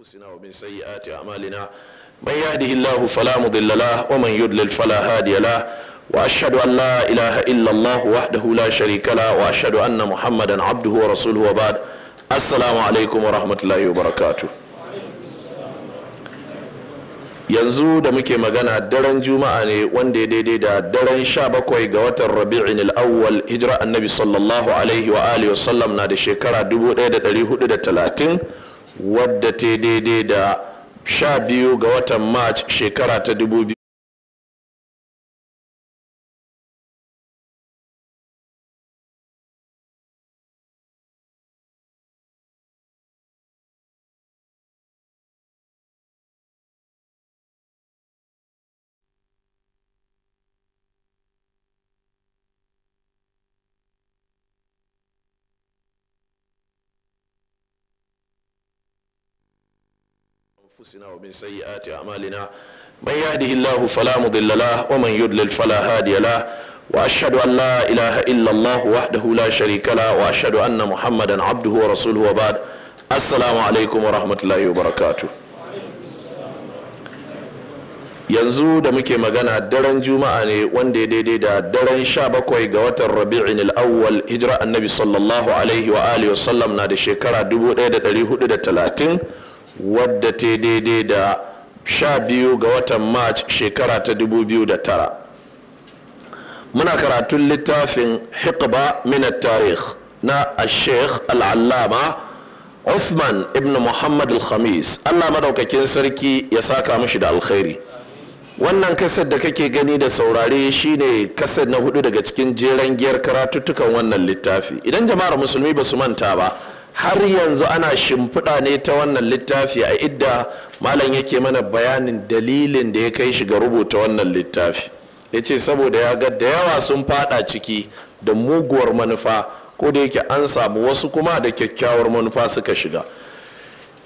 أنفسنا ومن سيئات أعمالنا من يهده الله فلا مضل له ومن يضلل فلا هادي له وأشهد أن لا إله إلا الله وحده لا شريك له وأشهد أن محمدا عبده ورسوله وبعد السلام عليكم ورحمة الله وبركاته yanzu da muke magana daren juma'a ne wanda ya daidai da daren sha bakwai ga watan rabi'in al'awwal hijira annabi sallallahu alaihi wa alihi wasallam na da shekara 1430 wadda ta daidai da sha biyu ga watan march shekara ta dubu biyu. أنفسنا ومن سيئات أعمالنا من يهده الله فلا مضل له ومن يضلل فلا هادي له وأشهد أن لا إله إلا الله وحده لا شريك له وأشهد أن محمدا عبده ورسوله وبعد السلام عليكم ورحمة الله وبركاته yanzu da muke magana daren juma'a ne wanda ya daidai da daren sha bakwai ga watan rabi'in al'awwal hijira annabi sallallahu alaihi wa alihi wasallam na da shekara 1430 wadda ta daidai da sha biyu ga watan march shekara ta 2009 muna karatun littafin hikba minat tarih na sheikh al'allama Uthman ibn Muhammad al-Khamis Allah madaukakin sarki ya saka mishi da alkhairi wannan kasar da kake gani da saurare shine kasar na hudu daga cikin jeren giyar karatuttukan wannan littafi idan jama'ar musulmi ba su manta ba har yanzu ana shimfiɗa ne ta wannan littafi a idda malam yake mana bayanin dalilin da ya kai shi ga rubuta wannan littafi ya ce saboda ya ga da yawa sun fada ciki da muguwar manufa ko da yake an samu wasu kuma da kyakkyawar manufa suka shiga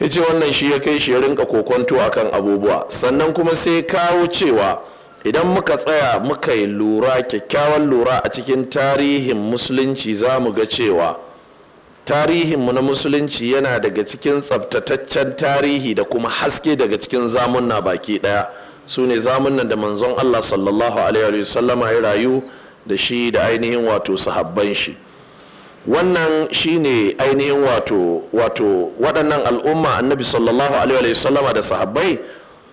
ya ce wannan shi ya kai shi ya rinka kokonto akan abubuwa sannan kuma sai kawo cewa idan muka tsaya muka yi lura kyakkyawan lura a cikin tarihin musulunci za mu ga cewa tarihinmu na musulunci yana daga cikin tsabtataccen tarihi da kuma haske daga cikin zamunna baki daya su ne zamunnan da manzon allah sallallahu alaihi wasallama ya rayu da shi da ainihin wato sahabban shi wannan shine ainihin wato wato waɗannan al'umma annabi sallallahu alaihi wasallama da sahabbai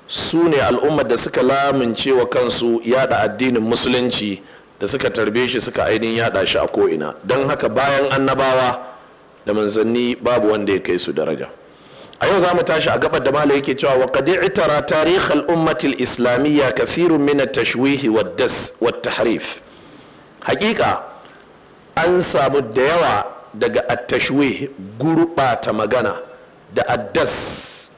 su ne al'ummar da suka lamince wa kansu yada addinin musulunci da suka tarbe shi suka ainihin yada shi a ko'ina don haka bayan annabawa da manzanni babu wanda ya kai su daraja a yau za mu tashi a gabar da mala yake cewa wa qad i'tara tarikh al al islamiyya kathirun min at tashwih wa das wa tahrif haƙiƙa an samu da yawa daga at tashwih gurbata magana da addas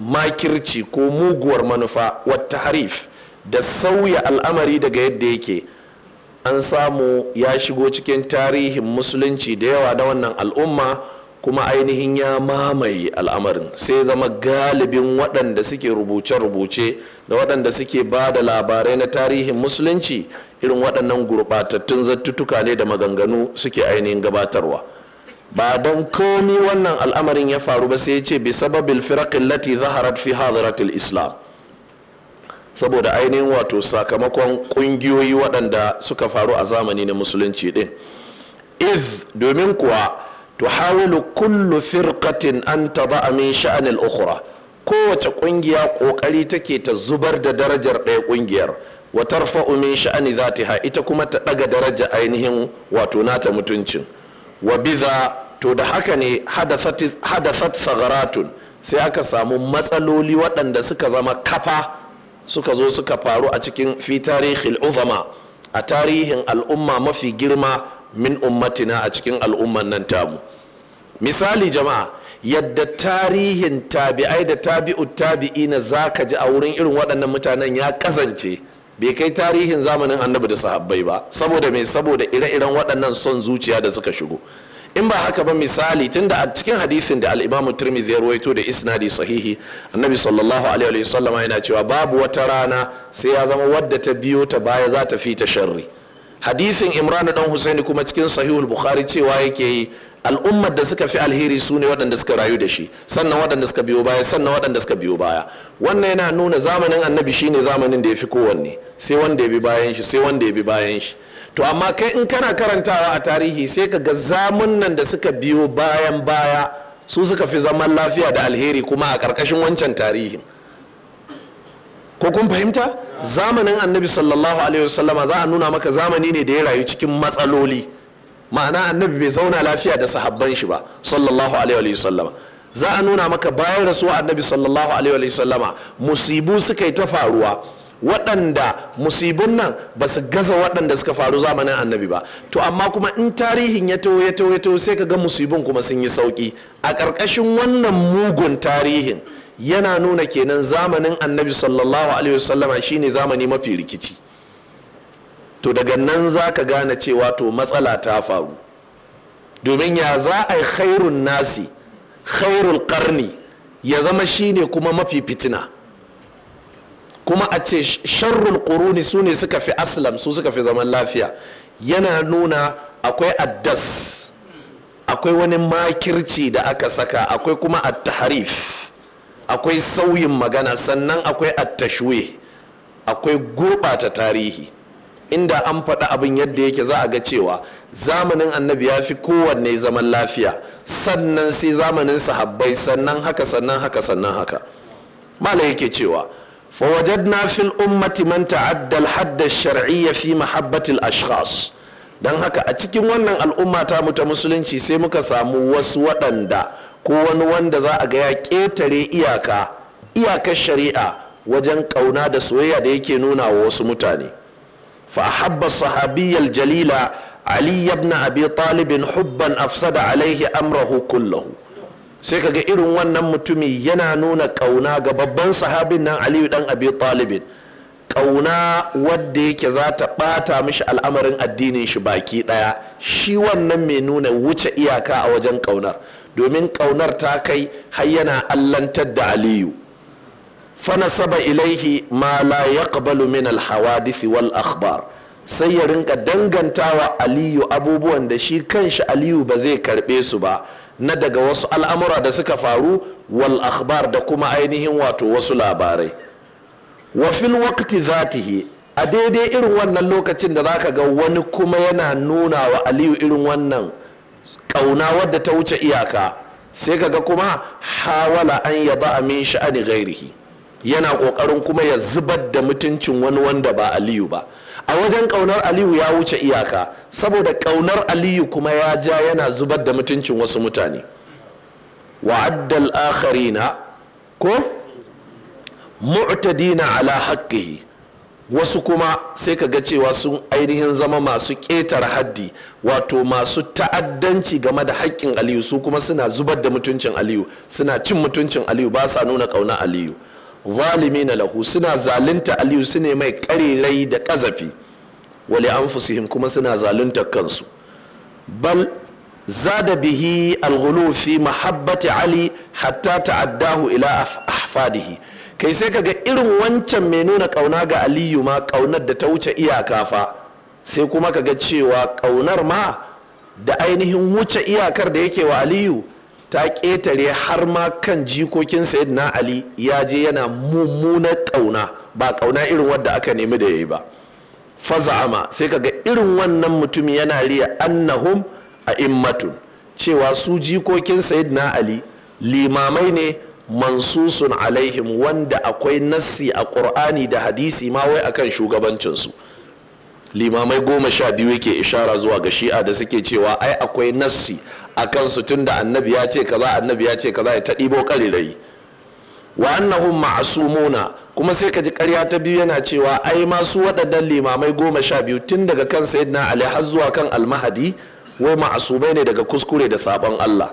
makirci ko muguwar manufa wa tahrif da sauya al'amari daga yadda yake an samu ya shigo cikin tarihin musulunci da yawa da wannan al'umma kuma ainihin ya mamaye al'amarin sai zama galibin waɗanda suke rubuce-rubuce da waɗanda suke ba da labarai na tarihin musulunci irin waɗannan gurɓatattun zattutuka ne da maganganu suke ainihin gabatarwa ba don komi wannan al'amarin ya faru ba sai ya ce bi sababil firakin lati zaharat fi hadaratul islam saboda ainihin wato sakamakon kungiyoyi waɗanda suka faru a zamani na musulunci ɗin iz domin kuwa to tuhawilu kullu firkatin an taba min sha'anil ukhra kowace kungiya kokari take ta zubar da darajar ɗaya kungiyar wa tarfa'u min sha'ani zatiha ita kuma ta ɗaga daraja ainihin wato nata mutuncin wa biza to da haka ne hadasat sagaratun sai aka samu matsaloli waɗanda suka zama kafa suka zo suka faru a cikin fi tarihin uzama a tarihin al'umma mafi girma min ummatina a cikin al'umman nan tamu misali jama'a yadda tarihin tabi'ai da tabi'u tabi'i na ka ji a wurin irin waɗannan mutanen ya kazance bai kai tarihin zamanin annabi da sahabbai ba saboda mai saboda ire-iren waɗannan son zuciya da suka shigo in ba haka ba misali tunda a cikin hadisin da al-imamu tirmidhi ya da isnadi sahihi annabi sallallahu alaihi sallama yana cewa babu wata rana sai ya zama wadda ta biyo ta baya za ta fi ta sharri hadisin imran dan husaini kuma cikin sahihul bukhari cewa yake yi al'ummar da suka fi alheri su ne waɗanda suka rayu da shi sannan waɗanda suka biyo baya sannan waɗanda suka biyo baya wannan yana nuna zamanin annabi shine zamanin da ya fi kowanne sai wanda ya bi bayan shi sai wanda ya bi bayan shi to amma kai in kana karantawa a tarihi sai ka ga zamun nan da suka biyo bayan baya su suka fi zaman lafiya da alheri kuma a ƙarƙashin wancan tarihin ko kun fahimta zamanin annabi sallallahu alaihi wasallama za a nuna maka zamani ne da ya rayu cikin matsaloli ma'ana annabi bai zauna lafiya da sahabban shi ba sallallahu alaihi wasallama za a nuna maka bayan rasuwa annabi sallallahu alaihi wasallama musibu suka yi ta faruwa waɗanda musibin nan ba su gaza waɗanda suka faru zamanin annabi ba to amma kuma in tarihin ya taho ya taho ya taho sai ka ga musibin kuma sun yi sauki a ƙarƙashin wannan mugun tarihin yana nuna kenan zamanin annabi sallallahu alaihi wasallama shine zamani mafi rikici to daga nan za ka gane cewa to matsala ta faru domin ya za a yi khairun nasi khairul karni ya zama shine kuma mafi fitina kuma a ce sharrul quruni su ne suka fi aslam su suka fi zaman lafiya yana nuna akwai addas akwai wani makirci da aka saka akwai kuma at akwai sauyin magana sannan akwai attashwe akwai gurɓata tarihi inda an faɗa abin yadda yake za a ga cewa zamanin annabi ya fi kowanne zaman lafiya sannan sai zamanin sahabbai sannan haka sannan haka sannan haka malai yake cewa na fil ummati man ta'addal al-hadd ash-shar'iyya fi ashkhas dan haka a cikin wannan al'umma ta mu ta musulunci sai muka samu wasu waɗanda ko wani wanda za a ga ya ƙetare iyaka iyakar shari'a wajen ƙauna da soyayya da yake nuna wa wasu mutane fa habba sahabiyyal jalila ali ibn abi talibin hubban afsada alaihi amrahu kullahu sai ka ga irin wannan mutumi yana nuna kauna ga babban sahabin nan aliyu dan abi talibin kauna wadda yake za ta bata mishi al'amarin addinin shi baki ɗaya shi wannan mai nuna wuce iyaka a wajen kaunar domin kaunar ta kai har yana allantar da aliyu fanasaba ilaihi ma la yaqbalu min al wal akhbar sai ya rinka dangantawa aliyu abubuwan da shi kanshi aliyu ba zai karbe su ba na daga wasu al'amura da suka faru wal akhbar da kuma ainihin wato wasu labarai wa fil waqti zatihi a daidai irin wannan lokacin da za ka ga wani kuma yana nuna wa aliyu irin wannan kauna wadda ta wuce iyaka sai ka ga kuma hawala an a min sha'ani ghairihi yana kokarin kuma ya zubar da mutuncin wani wanda ba aliyu ba a wajen ƙaunar aliyu ya wuce iyaka saboda ƙaunar aliyu kuma ya ja yana zubar da mutuncin wasu mutane wa'addal akharina ko mu'tadina ala haqqihi wasu kuma sai ka ga cewa sun ainihin zama masu ƙetar haddi wato masu ta'addanci game da haƙƙin aliyu su kuma suna zubar da mutuncin aliyu suna cin mutuncin aliyu ba sa nuna ƙauna aliyu na lahu suna zalunta aliyu su ne mai karirai da kazafi wali anfusihim kuma suna zalunta kansu bal zada bihi alghulu fi mahabbati ali hatta ta'addahu ila ahfadihi kai sai kaga irin wancan mai nuna kauna ga aliyu ma kaunar da ta wuce iyaka fa sai kuma kaga cewa kaunar ma da ainihin wuce iyakar da yake wa aliyu ta ƙetare har ma kan jikokin sayyidina ali ya je yana mummuna ƙauna ba ƙauna irin wadda aka nemi da yayi yi ba faza'ama sai kaga irin wannan mutum yana riya annahum a immatun cewa su jikokin sayyidina ali limamai ne mansusun alaihim wanda akwai nassi a ƙur'ani da hadisi ma wai akan shugabancinsu limamai goma sha biyu yake ishara zuwa ga shi'a da suke cewa ai akwai nassi a kan su tun da annabi ya ce kaza annabi ya ce kaza ya ta ɗibo ƙarirai wa annahum ma'asumuna kuma sai ka ji ƙarya ta biyu yana cewa ai masu su waɗannan limamai goma sha biyu tun daga kan sayyidina ali har zuwa kan almahadi wai ma'asubai ne daga kuskure da sabon allah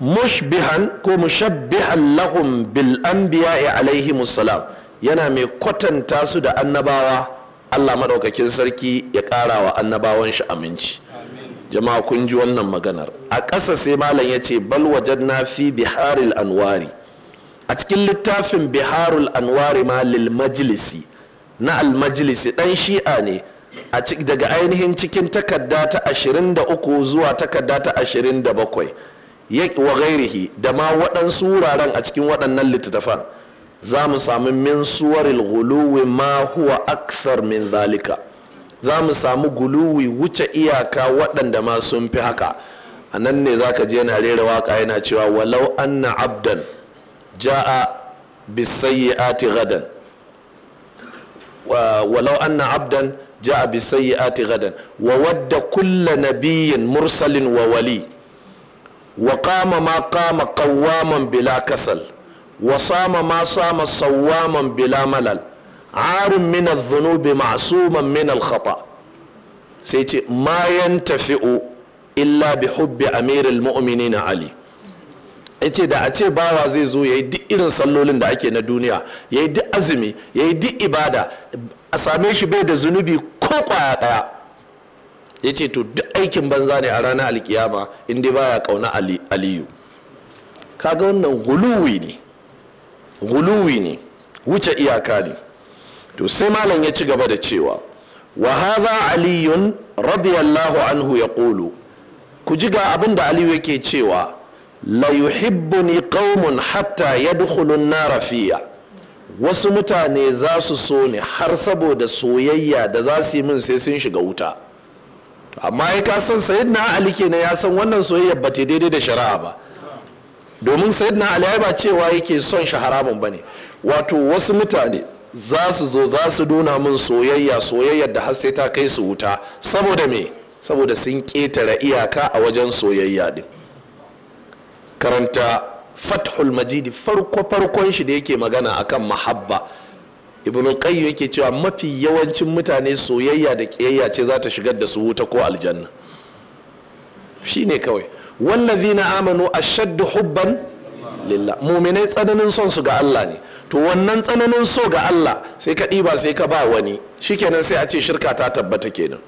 mushbihan ko mushabbihan lahum bil anbiya'i alaihi musallam yana mai kwatanta su da annabawa Allah madaukakin sarki ya ƙara wa annabawan shi aminci jama'a kun ji wannan maganar a ƙasa sai malam ya ce bal wajen na fi biharil anwari a cikin littafin biharul anwari ma lil majlisi na al majlisi dan shi'a ne a daga ainihin cikin takarda ta 23 zuwa takarda ta 27 wa gairihi da ma waɗansu wuraren a cikin waɗannan littattafan za mu sami min suwaril guluwi ma huwa akthar min zalika za mu samu guluwi wuce iyaka waɗanda ma sun fi haka a nan ne za ka je yana rera waka yana cewa walau anna abdan ja'a bisayyi'ati gadan walau anna abdan ja'a bisayyi'ati gadan wa wadda kulla nabiyyin mursalin wa wali wa qama ma qama qawwaman bila kasal wa sama ma sama sawwaman bila malal arun min adh-dhunubi ma'suman min al-khata sai ce ma yantafi'u illa bi hubbi mu'minin ali yace da a ce bawa zai zo yayi duk irin sallolin da ake na duniya yayi duk azumi yayi duk ibada a same shi bai da zunubi ko kwaya daya yace to duk aikin banza ne a ranar alkiyama in dai baya kauna aliyu kaga wannan guluwi ne guluwi ne wuce iyaka ne to sai malam ya ci gaba da cewa wa hadha aliyun radiyallahu anhu ya kulu ku ji ga abin da aliyu yake cewa la yuhibbuni qaumun hatta yadkhulun na rafiya wasu mutane za su so ne har saboda soyayya da za su yi min sai sun shiga wuta amma ya kasan sayid na ali kenan ya san wannan soyayya ba ta daidai da shari'a ba domin sayyidina ali ba cewa yake son shi haramun bane wato wasu mutane za su zo za su dona min soyayya soyayyar da har sai ta kai su wuta saboda me saboda sun ketare iyaka a wajen soyayya din karanta fathul majidi farko farkon shi da yake magana akan mahabba ibn qayyim yake cewa mafi yawancin mutane soyayya da kiyayya ce za ta shigar da su wuta ko aljanna shine kawai na amanu ashaddu hubban lillah muminai tsananin son su ga Allah ne to wannan tsananin so ga Allah sai ka ɗiba sai ka ba wani shikenan sai a ce shirka ta tabbata kenan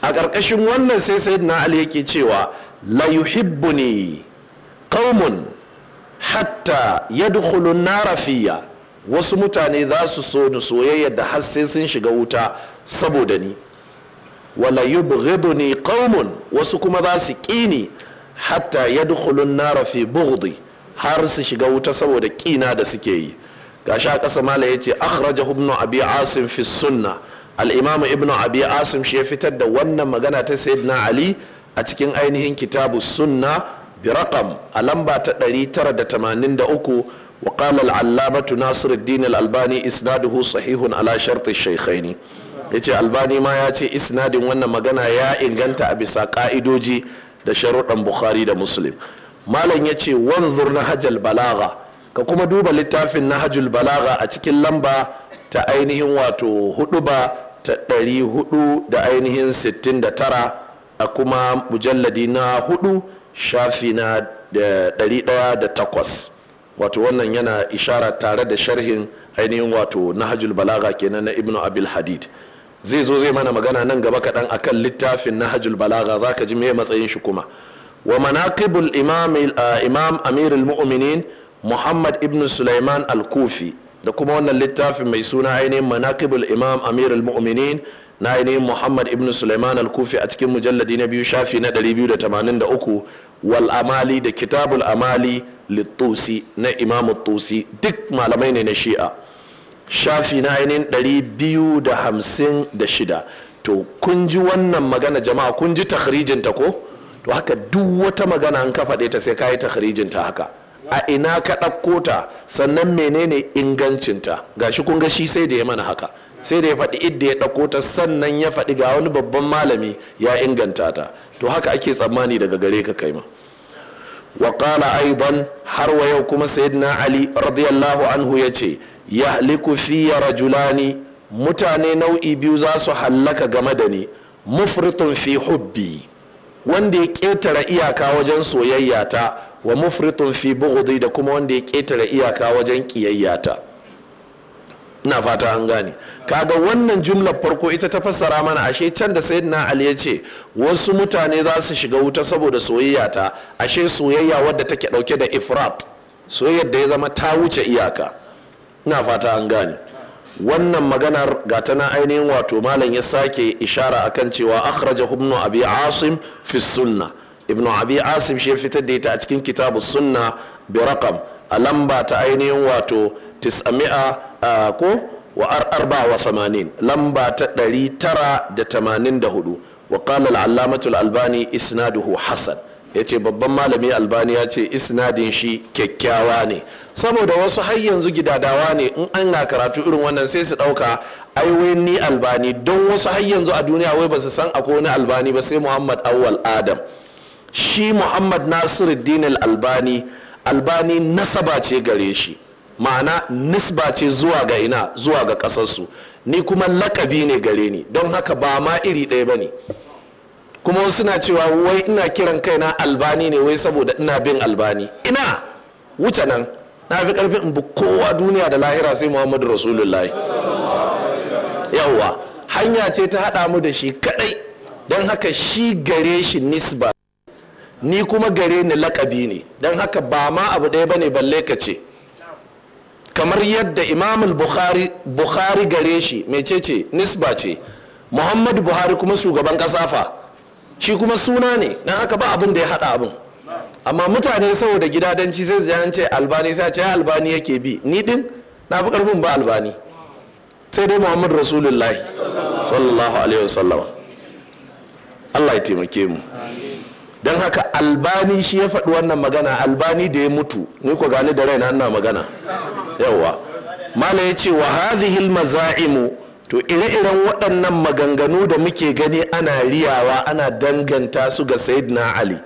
a ƙarƙashin wannan sai sai na Ali yake cewa la yuhibbuni qaumun hatta yadkhulu nara fiya wasu mutane za su so ni soyayya da har sai sun shiga wuta saboda ni wala yubghiduni qaumun wasu kuma za su ƙini hatta ya nara fi bughdi har su shiga wuta saboda kina da suke yi ga sha ƙasa mala yace akhrajahu ibnu abi asim fi sunna al-imam ibnu abi asim shi ya fitar da wannan magana ta sayyidina ali a cikin ainihin kitabu sunna bi raqam a lamba ta 983 wa qala al-allamatu nasiruddin al-albani isnaduhu sahihun ala sharti shaykhaini yace albani ma ya ce isnadin wannan magana ya inganta a bisa ka'idoji da sharuɗan bukhari da muslim malam ya ce wanzur na hajjal balaga ka kuma duba littafin na hajjul balaga a cikin lamba ta ainihin wato hudu ba ta ɗari hudu da ainihin sittin da tara a kuma mujalladi na hudu shafi na ɗari ɗaya da takwas wato wannan yana ishara tare da sharhin ainihin wato na hajjul balaga kenan na ibnu abil hadid zai zo zai mana magana nan gaba kaɗan akan littafin na nahajul balaga za ka ji me matsayin shi kuma wa manaqibul imam eh, imam amirul mu'minin muhammad ibn sulaiman al-kufi da kuma wannan littafin mai suna ainihin manaqibul imam amirul mu'minin na ainihin muhammad ibn sulaiman al-kufi a cikin mujalladi na biyu shafi na 283 wal amali da kitabul amali littusi na imamu tusi duk malamai ne na shi'a shafi na ainihin shida. to kun ji wannan magana jama'a kun ji takhirijinta ko to haka duk wata magana an ka ta sai ka yi takhirijinta haka a ina ka ɗauko ta sannan menene ingancinta Ga shi kun ga shi sai da ya mana haka sai da ya faɗi idda ya ɗauko ta sannan ya faɗi ga wani babban malami ya inganta ta to haka ake tsammani daga gare ka kai ma wa qala aidan har wa yau kuma sayyidina ali radiyallahu anhu ya ce yahliku fiya rajulani mutane nau'i biyu za su hallaka game da ni mufritun fi hubbi wanda ya ƙetare iyaka wajen soyayya ta wa mufritun fi bugudi da kuma wanda ya ƙetare iyaka wajen ƙiyayya ta ina fata an gane kaga wannan jumlar farko ita ta fassara mana ashe can da na ali ya ce wasu mutane za su shiga wuta saboda soyayya ta ashe soyayya wadda take dauke da ifrat soyayya da ya zama ta wuce iyaka ina fata an gane wannan maganar ga tana ainihin wato malam ya sake ishara akan cewa akhraja ibnu abi asim fi sunna ibnu abi asim shi fitar da ita a cikin kitabu sunna bi raqam a lamba ta ainihin wato 900 ko wa 480 lamba ta 984 wa qala al albani isnaduhu hasan ya ce babban malami albani ya ce isnadin shi kyakkyawa ne saboda wasu har yanzu gidadawa ne in an na karatu irin wannan sai su ɗauka ai wai ni albani don wasu har yanzu a duniya wai ba su san akwai wani albani ba sai muhammad awwal adam shi muhammad nasiruddin albani albani nasaba ce gare shi ma'ana nisba ce zuwa ga ina zuwa ga kasarsu ni kuma lakabi ne gare ni don haka ba ma iri ɗaya ba ne kuma wasu na cewa wai ina kiran kaina albani ne wai saboda ina bin albani ina wuce nan na fi karfin in bi kowa duniya da lahira sai muhammadu rasulullahi yawwa hanya ce ta haɗa mu da shi kaɗai don haka shi gare shi nisba ni kuma gare ni lakabi ne don haka ba ma abu ɗaya bane balle ka ce kamar yadda imamul bukhari bukhari gare shi mecece nisba ce muhammadu buhari kuma shugaban kasafa fa shi kuma suna ne don aka ba abin da ya haɗa abin amma mutane saboda gidadanci sai zai an ce albani sai ce albani yake bi ni din na fi karfin ba albani sai dai muhammad rasulullahi sallallahu alaihi wasallama allah ya taimake mu don haka albani shi ya faɗi wannan magana albani da ya mutu ni ko gani da raina ina magana yawwa mala ya ce wa hadhihi al-maza'imu to ire-iren waɗannan maganganu da muke gani ana riyawa ana danganta su ga na ali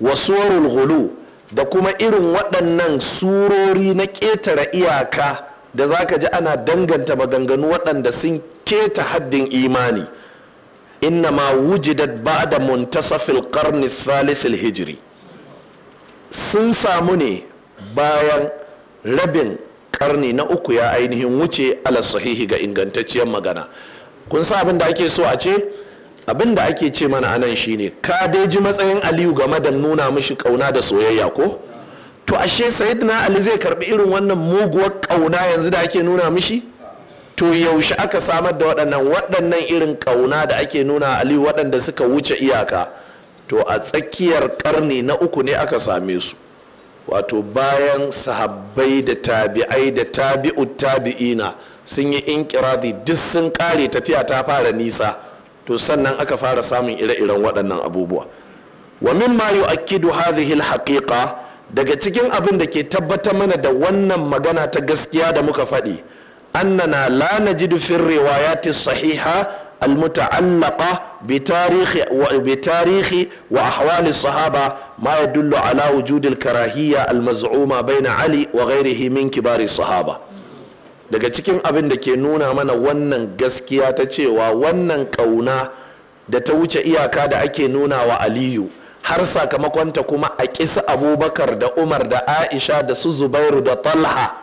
wasuwarul hulu da kuma irin waɗannan surori na ƙetare iyaka da za ka ji ana danganta maganganu waɗanda sun keta haddin imani innama wujidat ba'da muntasafil qarni thalithil hijiri sun samu ne bayan rabin karni na uku ya ainihin wuce ala sahihi ga ingantacciyar magana kun sa abin da ake so a ce abin da ake ce mana anan shine ka dai ji matsayin aliyu game da nuna mishi kauna da soyayya ko to ashe sayyidina ali zai karbi irin wannan muguwar kauna yanzu da ake nuna mishi to yaushe aka samar da waɗannan waɗannan irin kauna da ake nuna aliyu waɗanda suka wuce iyaka to a tsakiyar karni na uku ne aka same su wato bayan sahabbai da tabi'ai da tabi'u tabi'ina sun yi inkiradi duk sun kare tafiya ta fara nisa to sannan aka fara samun ire-iren waɗannan abubuwa wa min ma yu'akkidu hadhihi al haƙiƙa, daga cikin abin da ke tabbatar mana da wannan magana ta gaskiya da muka faɗi annana la najidu fi riwayati sahiha almuta'allaqa bi tarihi wa bi tarihi wa ahwali sahaba ma ya على ala wujudil karahiyya almaz'uma baina ali wa كبار min kibari daga cikin abin da ke nuna mana wannan gaskiya ta cewa wannan kauna da ta wuce iyaka da ake nuna wa aliyu har sakamakonta kuma a kisa abubakar da umar da aisha da su zubairu da talha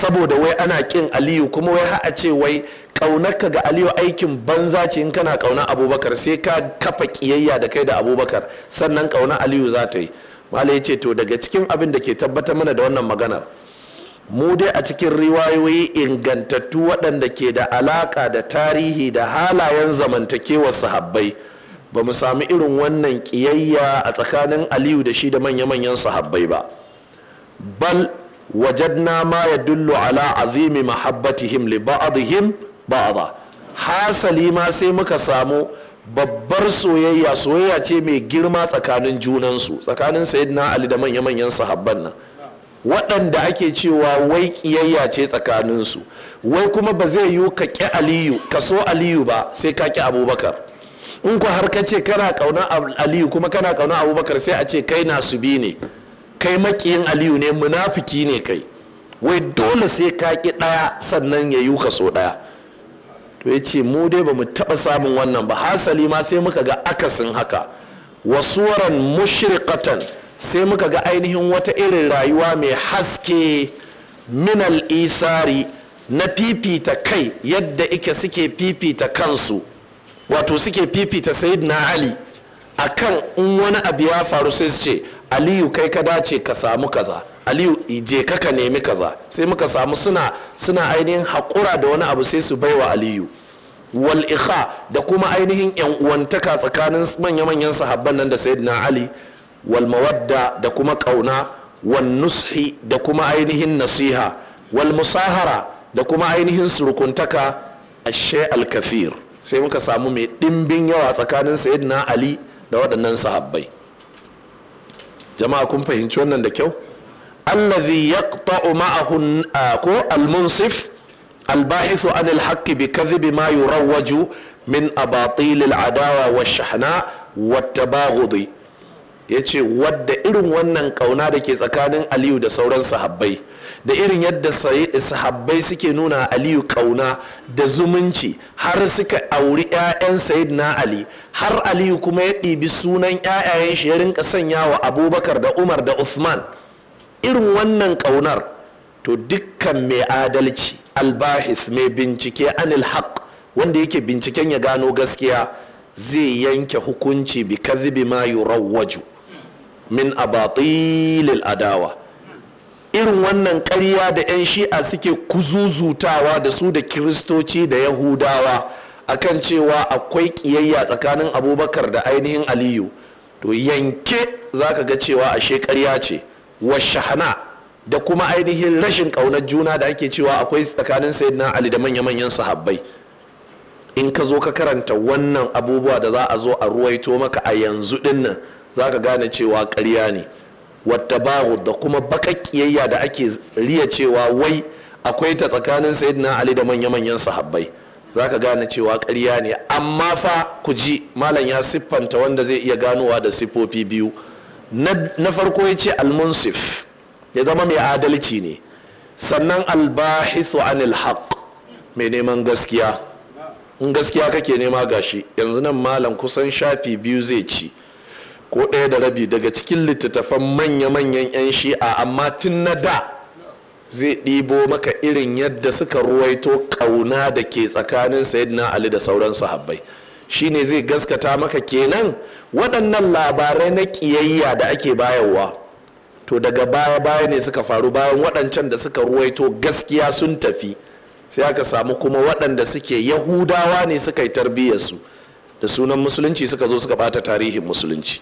saboda wai ana kin aliyu kuma wai ha a ce wai kaunaka ga aliyu aikin banza ce in kana kauna abubakar sai ka kafa kiyayya da kai da abubakar sannan kauna aliyu za ta yi ya ce to daga cikin abin da ke tabbatar mana da wannan maganar mu dai a cikin riwayoyi ingantattu waɗanda ke da alaƙa da tarihi da halayen zamantakewar sahabbai ba mu sami irin wannan kiyayya a tsakanin aliyu da shi da manya-manyan sahabbai ba bal wajadna ma dullu ala azimi mahabbatihim li ba'dihim ba'dha hasali ma sai muka samu babbar soyayya soyayya ce mai girma tsakanin junansu tsakanin sayyidina ali da manya-manyan sahabban nan waɗanda ake cewa wai ƙiyayya ce tsakaninsu wai kuma ba zai yiwu ka ƙi aliyu ka so aliyu ba sai ka ƙi abubakar in ku har ka ce kana ƙauna aliyu kuma kana ƙauna abubakar sai a ce kai na su bi ne kai makiyin aliyu ne munafiki ne kai wai dole sai ka ki ɗaya sannan ya yi so ɗaya to ya ce mu dai ba mu taɓa samun wannan ba hasali ma sai muka ga akasin haka Wasu wasuwaran mushrikatan sai muka ga ainihin wata irin rayuwa mai haske minal isari na fifita kai yadda ike suke fifita kansu wato suke fifita sayid na ali akan in wani abu ya faru sai su ce aliyu kai ka dace ka samu kaza aliyu je ka ka nemi kaza sai muka samu suna suna ainihin haƙura da wani abu sai su baiwa aliyu wal ikha da kuma ainihin yan uwantaka tsakanin manya-manyan sahabban nan da sayyidina ali wal mawadda da kuma kauna wal nushi da kuma ainihin nasiha wal musahara da kuma ainihin surukuntaka ashe al sai muka samu mai dimbin yawa tsakanin sayyidina ali da waɗannan sahabbai jama'a kun fahimci wannan da kyau allazi yaqta'u ma'ahu ko al-munsif al-bahithu 'an al-haqqi bi kadhibi ma yurawwaju min abatil al-adawa wash-shahna wat-tabaghudi ya ce wadda irin wannan kauna da ke tsakanin aliyu da sauran sahabbai da irin yadda sahabbai suke nuna aliyu kauna da zumunci har suka auri 'ya'yan sayid na ali har aliyu kuma ya ɗibi sunan 'ya'yayen shi ya rinka sanya wa abubakar da umar da uthman irin wannan kaunar to dukkan mai adalci albahis mai bincike anil haq wanda yake binciken ya gano gaskiya zai yanke hukunci bi bi ma yurawwaju min abatilil adawa irin wannan ƙarya da 'yan shi'a suke kuzuzutawa da su da kiristoci da yahudawa akan cewa akwai ƙiyayya tsakanin abubakar da ainihin aliyu to yanke za ka ga cewa ashe ƙarya ce wa shahana da kuma ainihin rashin ƙaunar juna da ake cewa akwai tsakanin sayyidina ali da manya-manyan sahabbai in ka zo ka karanta wannan abubuwa da za a zo a ruwaito maka a yanzu dinnan za ka gane cewa ƙarya ne wata da kuma bakakkiyayya da ake riya cewa wai akwai ta tsakanin sayyidina ali da manya-manyan sahabbai za ka gane cewa karya ne amma fa ku ji malam ya siffanta wanda zai iya ganowa da siffofi biyu na farko ya ce almunsif ya zama mai adalci ne sannan albahisu anil haq mai neman gaskiya in gaskiya kake nema gashi yanzu nan malam kusan shafi biyu zai ci ko ɗaya da rabi daga cikin littattafan manya-manyan 'yan shi'a amma tun na da zai ɗibo maka irin yadda suka ruwaito ƙauna da ke tsakanin sayidina ali da sauran sahabbai shine zai gaskata maka kenan waɗannan labarai na ƙiyayya da ake bayarwa to daga baya-baya ne suka faru bayan waɗancan da suka ruwaito gaskiya sun tafi sai aka samu kuma waɗanda suke yahudawa ne suka yi tarbiyyarsu da sunan musulunci suka zo suka bata tarihin musulunci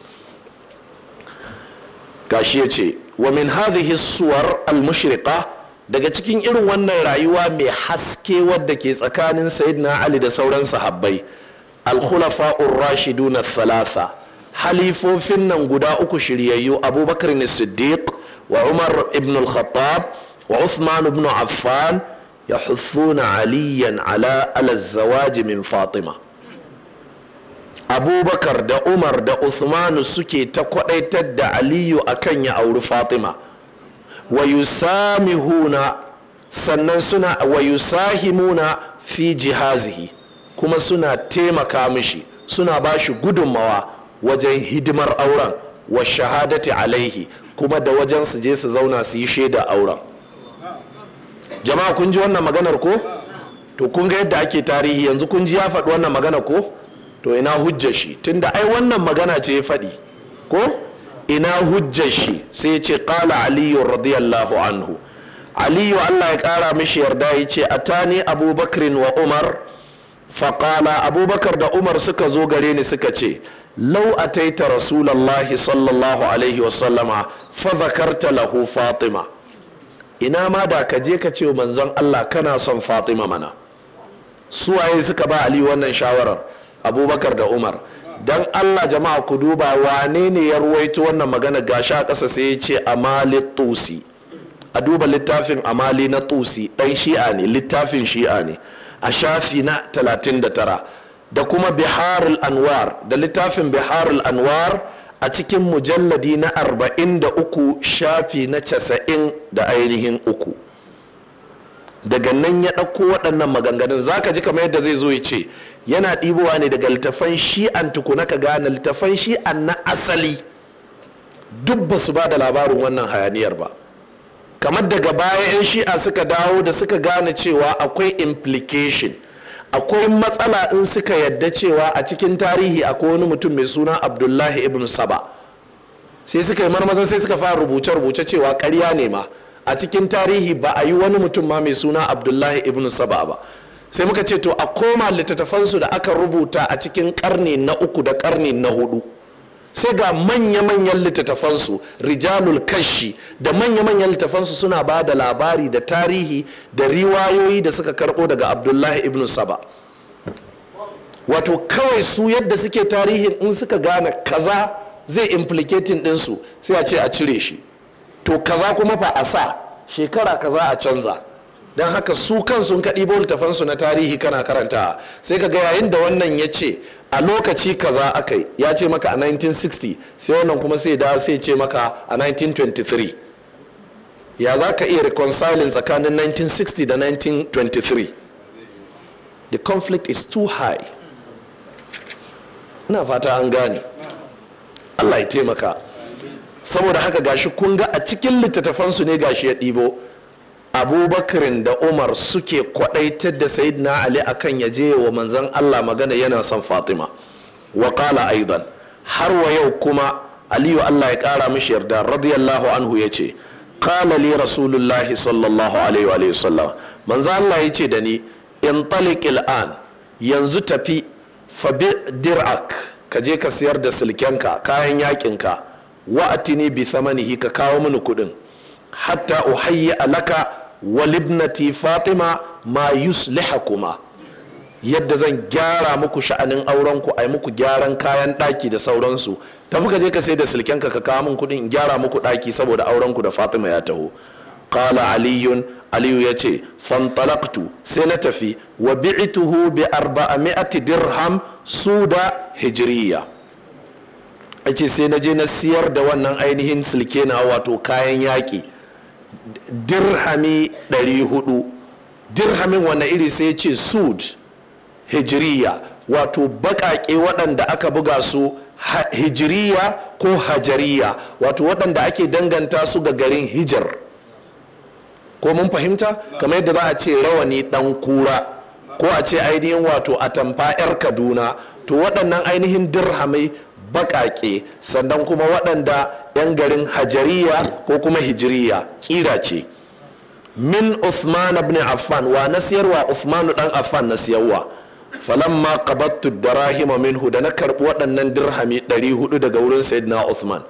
gashi ya ce wa min hadhihi suwar almushriƙa daga cikin irin wannan rayuwa mai haske wadda ke tsakanin sayyidina ali da sauran sahabbai alkhulafa khulafa rashiduna thalatha halifofin nan guda uku shiryayyu abubakar siddiq wa umar ibn al-khattab wa usman ibn affan ya aliyan ala min fatima abubakar da umar da usmanu suke ta kwadaitar da aliyu akan ya auri fatima wa sannan suna wa fi jihazihi kuma suna taimaka mishi suna ba shi gudunmawa wajen hidimar auren wa shahadati alaihi kuma da wajen su je su zauna su yi shaida auren jama'a kun ji wannan maganar ko to kun ga yadda ake tarihi yanzu kun ji ya faɗi wannan magana ko to ina hujjar shi tunda ai wannan magana ce ya faɗi ko ina hujjar shi sai ce kala aliyu radiyallahu anhu aliyu allah ya ƙara mishi yarda ya ce a atani abubakrin wa umar faƙala abubakar da umar suka zo gare ni suka ce lau taita rasulallahi sallallahu alaihi wasallama fazakarta lahu fatima ina ma da ka je ka ce manzon allah kana son fatima mana suwaye suka ba aliyu wannan shawarar abubakar da umar dan allah jama'a ku duba wane ne ya ruwaito wannan magana gashi a ƙasa sai ya ce amali tusi a duba littafin amali na tusi ɗan shi'a ne littafin shi'a ne a shafi na 39 da kuma biharul anwar da littafin biharul anwar a cikin mujalladi na 43 shafi na 90 da ainihin uku daga nan ya ɗauko waɗannan maganganun zaka ji kamar yadda zai zo ya ce yana ɗibowa ne daga littafan shi'an tukuna ka gane littafan shi'an na asali duk ba su ba da labarin wannan hayaniyar ba kamar daga baya 'yan shi'a suka dawo da suka gane cewa akwai implication akwai matsala in suka yadda cewa a cikin tarihi akwai wani mutum mai suna abdullahi ibn saba sai suka yi marmasa sai suka fara rubuce-rubuce cewa karya ne ma a cikin tarihi ba a yi wani mutum ma mai suna abdullahi ibn saba ba sai muka ce to a koma littattafansu da aka rubuta a cikin karni na uku da karni na hudu sai ga manya-manyan littattafansu rijalul kashi da manya-manyan littattafansu suna ba da labari da tarihi da riwayoyi da suka karbo daga abdullahi ibn saba wato kawai su yadda suke tarihin in suka gane kaza zai implicating ɗinsu sai a ce a cire shi to kaza kuma fa a sa shekara kaza a canza don haka su kansu ka ɗibo littafansu na tarihi kana karanta sai ka ga yayin da wannan ya ce a lokaci kaza aka yi ya ce maka a 1960 sai wannan kuma sai da sai ce maka a 1923 ya za ka iya reconciling tsakanin 1960 da 1923 the conflict is too high ina fata an gane allah ya taimaka saboda haka gashi kun ga a cikin littattafansu ne gashi ya ɗibo abubakarin da umar suke kwadaitar da sayidina ali akan ya je wa manzan allah magana yana son fatima wa qala aidan har wa yau kuma aliyu allah ya ƙara mishi yarda radiyallahu anhu ya ce qala li rasulullahi sallallahu alaihi wa sallam manzan allah ya ce da ni in an yanzu tafi fabi dir'ak ka je ka siyar da silkenka kayan yakinka wa'atini bi samanihi ka kawo mini kuɗin, hatta uhayyi alaka walibnati fatima ma kuma yadda zan gyara muku sha'anin aurenku a yi muku gyaran kayan ɗaki da sauransu tafi ka je ka sai da silkenka ka kawo min kuɗin gyara muku ɗaki saboda aurenku da fatima ya taho qala aliyun aliyu ya ce fantalaktu sai na tafi wa bi'tuhu bi arba'ami'ati dirham suda hijiriya ce sai na je na siyar da wannan ainihin silke na wato kayan yaƙi dirhami 400 dirhamin wani iri sai ce sud hijiriya wato baƙaƙe waɗanda aka buga su hijiriya ko hajariya wato waɗanda ake danganta su ga garin hijar ko mun fahimta kamar yadda za a ce rawani ɗan kura ko a ce ainihin wato a tamfa 'yar kaduna to waɗannan ainihin dirhamai baƙaƙe sannan kuma waɗanda 'yan garin hajariya ko kuma hijiriya kira ce min usman ibn affan wa na siyarwa usman dan affan na siyarwa falamma qabattu darahima minhu da na karbi waɗannan dirhami 400 daga wurin sayyidina usman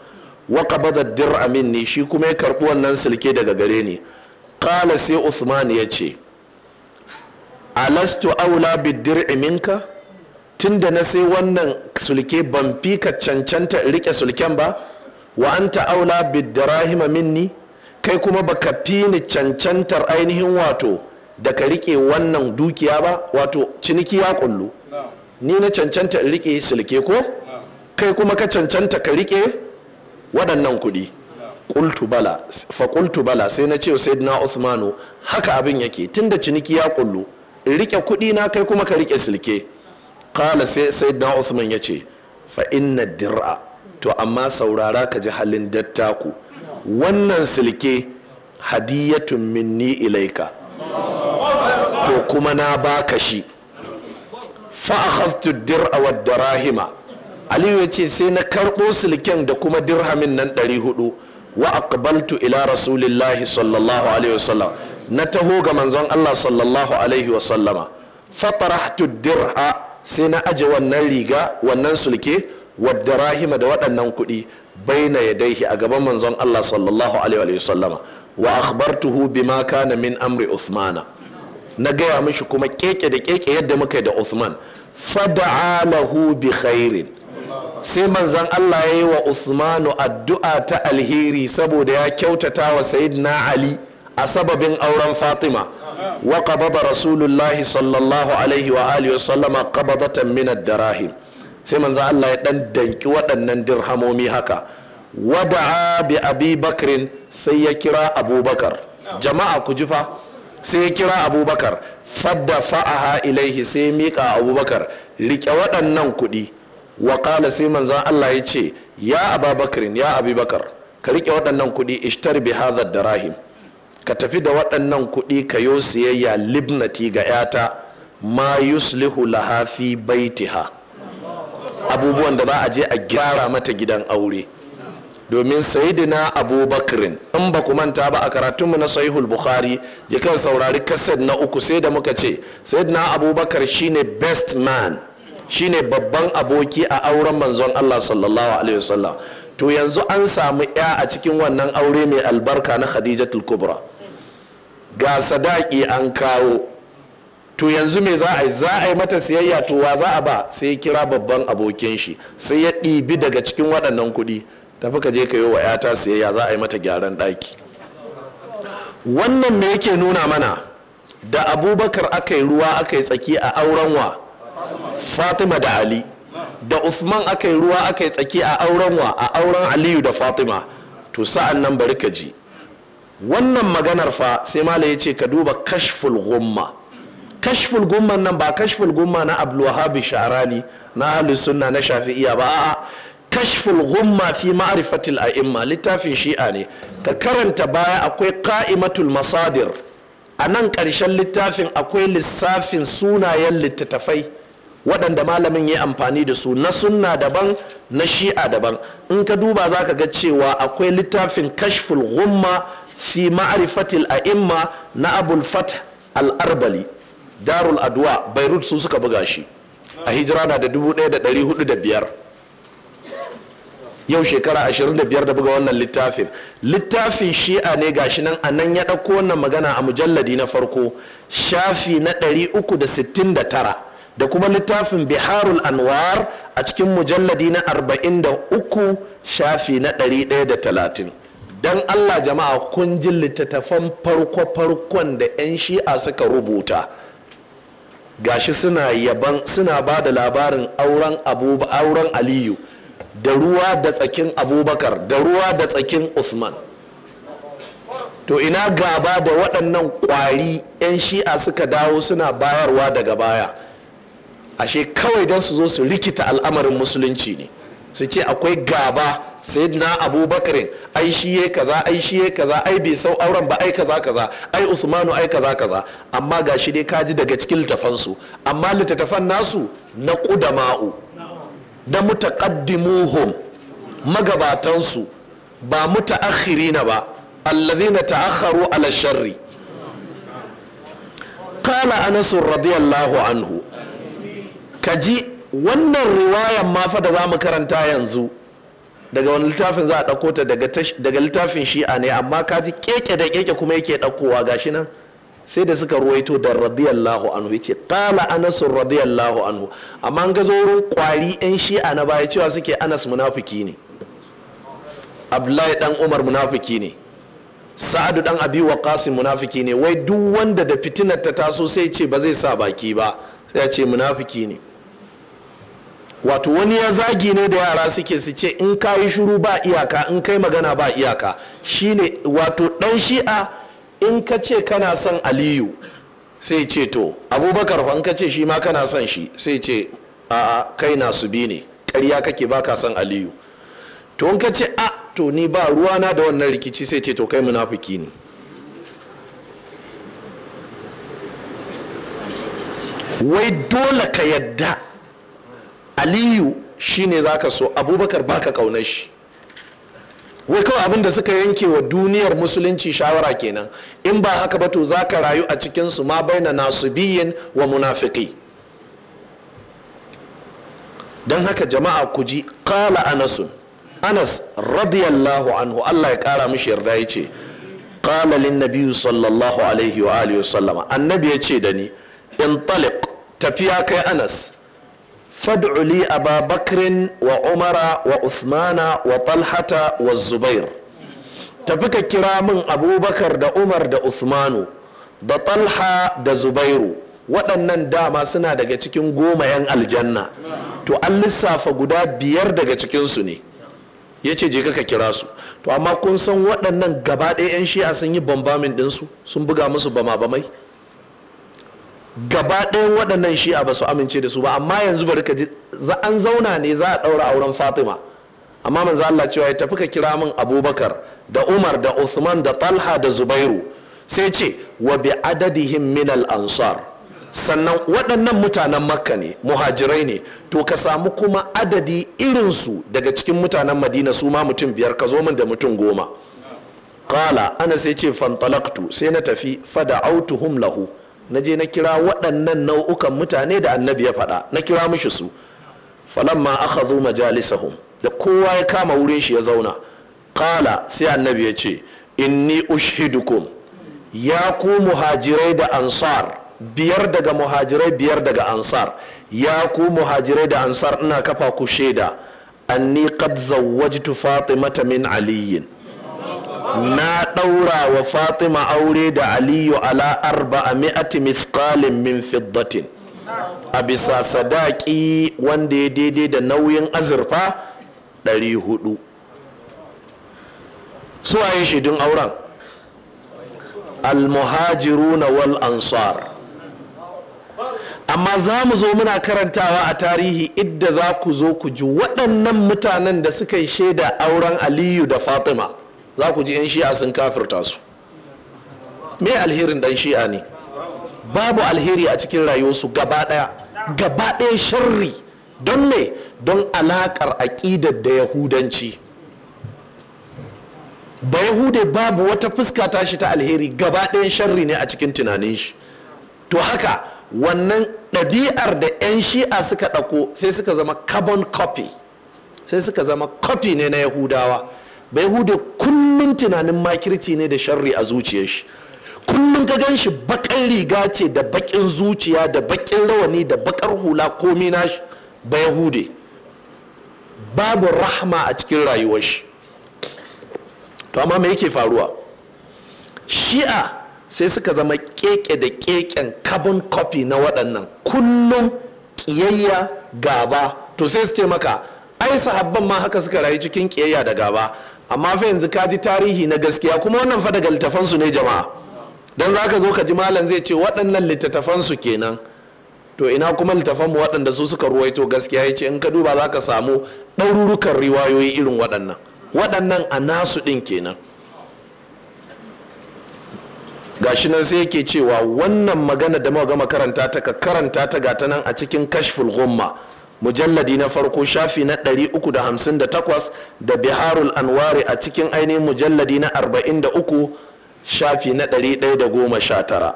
wa qabada dir'a minni shi kuma ya karbi wannan silke daga gare ni qala sai usman ya ce alastu aula bidir minka tunda na sai wannan sulke ban fi ka cancanta rike sulken ba wa anta aula min minni kai kuma baka fi ni cancantar ainihin wato da ka rike wannan dukiya ba wato ciniki ya kullu ni na cancanta in rike silke ko kai kuma ka cancanta ka rike waɗannan kuɗi qultu bala fa qultu bala sai na ce sayyidina usmanu haka abin yake tunda ciniki ya kullu in rike kuɗi na kai kuma ka rike silke qala sai sayyidina ya yace fa inna dir'a to amma saurara ka ji halin dattaku wannan silke hadiyatun minni ilaika to kuma na baka shi dir dir'a wa darahima aliyu ya ce sai na karɓo silken da kuma dirhamin nan 400 wa aqbaltu ila rasulillahi sallallahu alaihi wasallam na taho ga manzon Allah sallallahu alaihi wasallama fatarahtu dir'a sai na aje wannan riga wannan sulke wadda rahima da waɗannan kuɗi baina daihi a gaban manzon Allah sallallahu alaihi wasallama wa tuhu bima kana min amri Uthmana na gaya mishi kuma keke da keke yadda muka yi da Uthman fada'a lahu bi khairin sai manzon Allah ya yi wa Uthmanu addu'a ta alheri saboda ya kyautata wa na Ali a sababin auren Fatima wa qabada Rasulullahi sallallahu alaihi wa alihi wasallama qabadatan darahim sai manzo Allah ya dan danki waɗannan dirhamomi haka wada bi abi bakrin sai ya kira abubakar jama'a ku jufa sai ya kira abubakar fadda fa'aha ilaihi sai ya miƙa abubakar riƙe waɗannan kuɗi wa ƙala sai manzan Allah ya ce ya Ababakrin, ya abubakar ka riƙe waɗannan kuɗi ishtar bi hazar darahim ka tafi da waɗannan kuɗi ka yo siyayya libnati ga 'yata ma yuslihu laha fi baitiha abubuwan da za a je a gyara mata gidan aure domin sayidina abubakarin in ba ku manta ba a karatunmu na sahihul bukhari je kan saurari kaset na uku sai da muka ce sayidina abubakar shine best man shine babban aboki a auren manzon allah sallallahu alaihi wasallam to yanzu an samu ya a cikin wannan aure mai albarka na khadijatul kubra ga sadaki an kawo to yanzu me za a yi za a yi mata siyayya to wa za a ba sai ya kira babban abokin shi sai ya ɗibi daga cikin waɗannan kuɗi tafi ka je ka yi wa 'yata siyayya za a yi mata gyaran ɗaki wannan me yake nuna mana da abubakar aka yi ruwa aka yi tsaki a auren wa fatima da ali da usman aka yi ruwa aka yi tsaki a auren wa a auren aliyu da fatima to sa'an nan bari ka ji wannan maganar fa sai mala ya ce ka duba kashful gumma kashful gumman nan ba kashful gumma na abdulwahabi sha'rani na ahlus sunna na shafi'iya ba a'a kashful gumma fi ma'rifatil a'imma littafin shi'a ne ka karanta baya akwai qa'imatul masadir a nan ƙarshen littafin akwai lissafin sunayen littattafai waɗanda malamin ya amfani da su na sunna daban na shi'a daban in ka duba za ka ga cewa akwai littafin kashful gumma fi ma'rifatil a'imma na abul fath al-arbali darul adwa beirut su suka buga shi a hijira na da 1405 yau shekara 25 da buga wannan littafin littafin shi'a ne gashi nan a nan ya ɗauko wannan magana a mujalladi na farko shafi na 369 da kuma littafin biharul anwar a cikin mujalladi na 43 shafi na 130 dan allah jama'a kun ji littattafan farko-farkon da 'yan shi'a suka rubuta gashi suna yaban suna ba da labarin auren auren aliyu da ruwa da tsakin abubakar da ruwa da tsakin usman to ina gaba da waɗannan ƙwari 'yan shi'a suka dawo suna bayarwa daga baya ashe kawai don su zo su rikita al'amarin musulunci ne su ce akwai gaba na abubakarin ai shi ya kaza ai shi ya kaza ai bai sau auren ba ai kaza kaza ai usmanu ai kaza kaza amma ga shi dai kaji daga cikin su amma littattafan nasu na ƙudama'u da mutaqaddimuhum su ba mutaakhirina ba allazina ta'akharu ala sharri qala anas radiyallahu anhu kaji wannan riwayan mafa da za mu karanta yanzu daga wani littafin za a ɗauko ta daga littafin shi'a ne amma ka ji keke da keke kuma yake ɗaukowa ga shi nan sai da suka ruwaito da radiyallahu anhu yace qala anas radiyallahu anhu amma an ga wurin kwari yan shi'a na baya cewa suke anas munafiki ne abdullahi dan umar munafiki ne sa'adu dan abi waqas munafiki ne wai duk wanda da fitinar ta taso sai ce ba zai sa baki ba sai ya ce munafiki ne wato wani ya zagi ne da yara suke su ce in kayi yi shiru ba iyaka in kai magana ba iyaka shine wato dan shi'a in ka ce kana son aliyu sai ce to abubakar fa in ka ce shi ma kana son shi sai ce a kai na su bi ne karya kake ba ka son aliyu to in ka ce a to ni ba ruwana da wannan rikici sai ce to kai munafiki ne wai dole ka yadda aliyu shine zaka so abubakar baka kaunar shi wai kawai abin da suka yanke wa duniyar musulunci shawara kenan in ba haka ba to za ka rayu a cikinsu ma bai na nasu biyin wa munafiki don haka jama'a ku ji kala anasun anas radiyallahu anhu allah ya kara mishi yarda ya ce kala lin biyu sallallahu alaihi wa alihi wa sallama annabi ya ce da ni in tafiya kai anas fad'u a aba wa umara wa usmana wa talhata wa zubair tafi ka kira min abubakar da umar da usmanu da talha da zubairu waɗannan dama suna daga cikin goma yan aljanna to an lissafa guda biyar daga cikinsu ne ya ce je ka kira su to amma kun san waɗannan gaba ɗaya 'yan shi'a sun yi bambamin ɗinsu sun buga musu bama-bamai gaba ɗayan waɗannan shi'a ba su amince da su ba amma yanzu bari ka ji an zauna ne za a ɗaura auren fatima amma manzo Allah cewa ya tafi ka kira min abubakar da umar da usman da talha da zubairu sai ce wa bi adadihim min al ansar sannan waɗannan mutanen makka ne muhajirai ne to ka samu kuma adadi irin su daga cikin mutanen madina su ma mutum biyar ka zo min da mutum goma qala ana sai ce fantalaktu sai na tafi fada'autuhum lahu na je na kira waɗannan nau'ukan mutane da annabi ya faɗa na kira mishi su falamma zo majalisahum da kowa ya kama wurin shi ya zauna qala sai annabi ya ce inni ushidukum ya ku muhajirai da ansar biyar daga muhajirai biyar daga ansar ya ku muhajirai da ansar ina kafa ku shaida anni qad zawwajtu fatimata min aliyin na ɗaura wa fatima aure da aliyu ala arba a mi'ati mithqalin min fiddatin a bisa sadaki wanda ya daidai da nauyin azurfa 400 Su waye shidin auren almuhajiruna wal ansar amma za mu zo muna karantawa a tarihi idda za ku zo ku ji waɗannan mutanen da suka yi shaida auren aliyu da fatima za ku ji 'yan shi'a sun kafirta su me alherin dan shi'a ne babu alheri a cikin rayuwarsu gaba daya gaba daya sharri don me don alakar aƙidar da yahudanci Da yahude babu wata fuska shi ta alheri gaba daya sharri ne a cikin tunanin shi to haka wannan ɗabi'ar da 'yan shi'a suka ɗako sai suka zama carbon copy sai suka zama copy ne na yahudawa bai hude kullum tunanin makirci ne da sharri a zuciyar shi kullum ka gan shi bakan riga ce da bakin zuciya da bakin rawani da bakar hula komi na bai hude babu rahama a cikin rayuwar shi to amma me yake faruwa shi'a sai suka zama keke da keken carbon copy na waɗannan kullum kiyayya gaba to sai su ce maka ai sahabban ma haka suka rayu cikin kiyayya da gaba amma fa yanzu ka ji tarihi na gaskiya kuma wannan fa daga su ne jama'a don za ka zo ka ji malam zai ce waɗannan littattafansu kenan to ina kuma mu waɗanda su suka ruwaito gaskiya ya ce in ka duba za ka samu ɗarurukan riwayoyi irin waɗannan waɗannan a nasu ɗin kenan gashi nan sai yake cewa wannan magana da muka gama karanta ta ka karanta ta ga ta nan a cikin kashful gumma mujalladi na farko shafi na 358 da biharul anwari a cikin ainihin mujalladi na 43 shafi na 119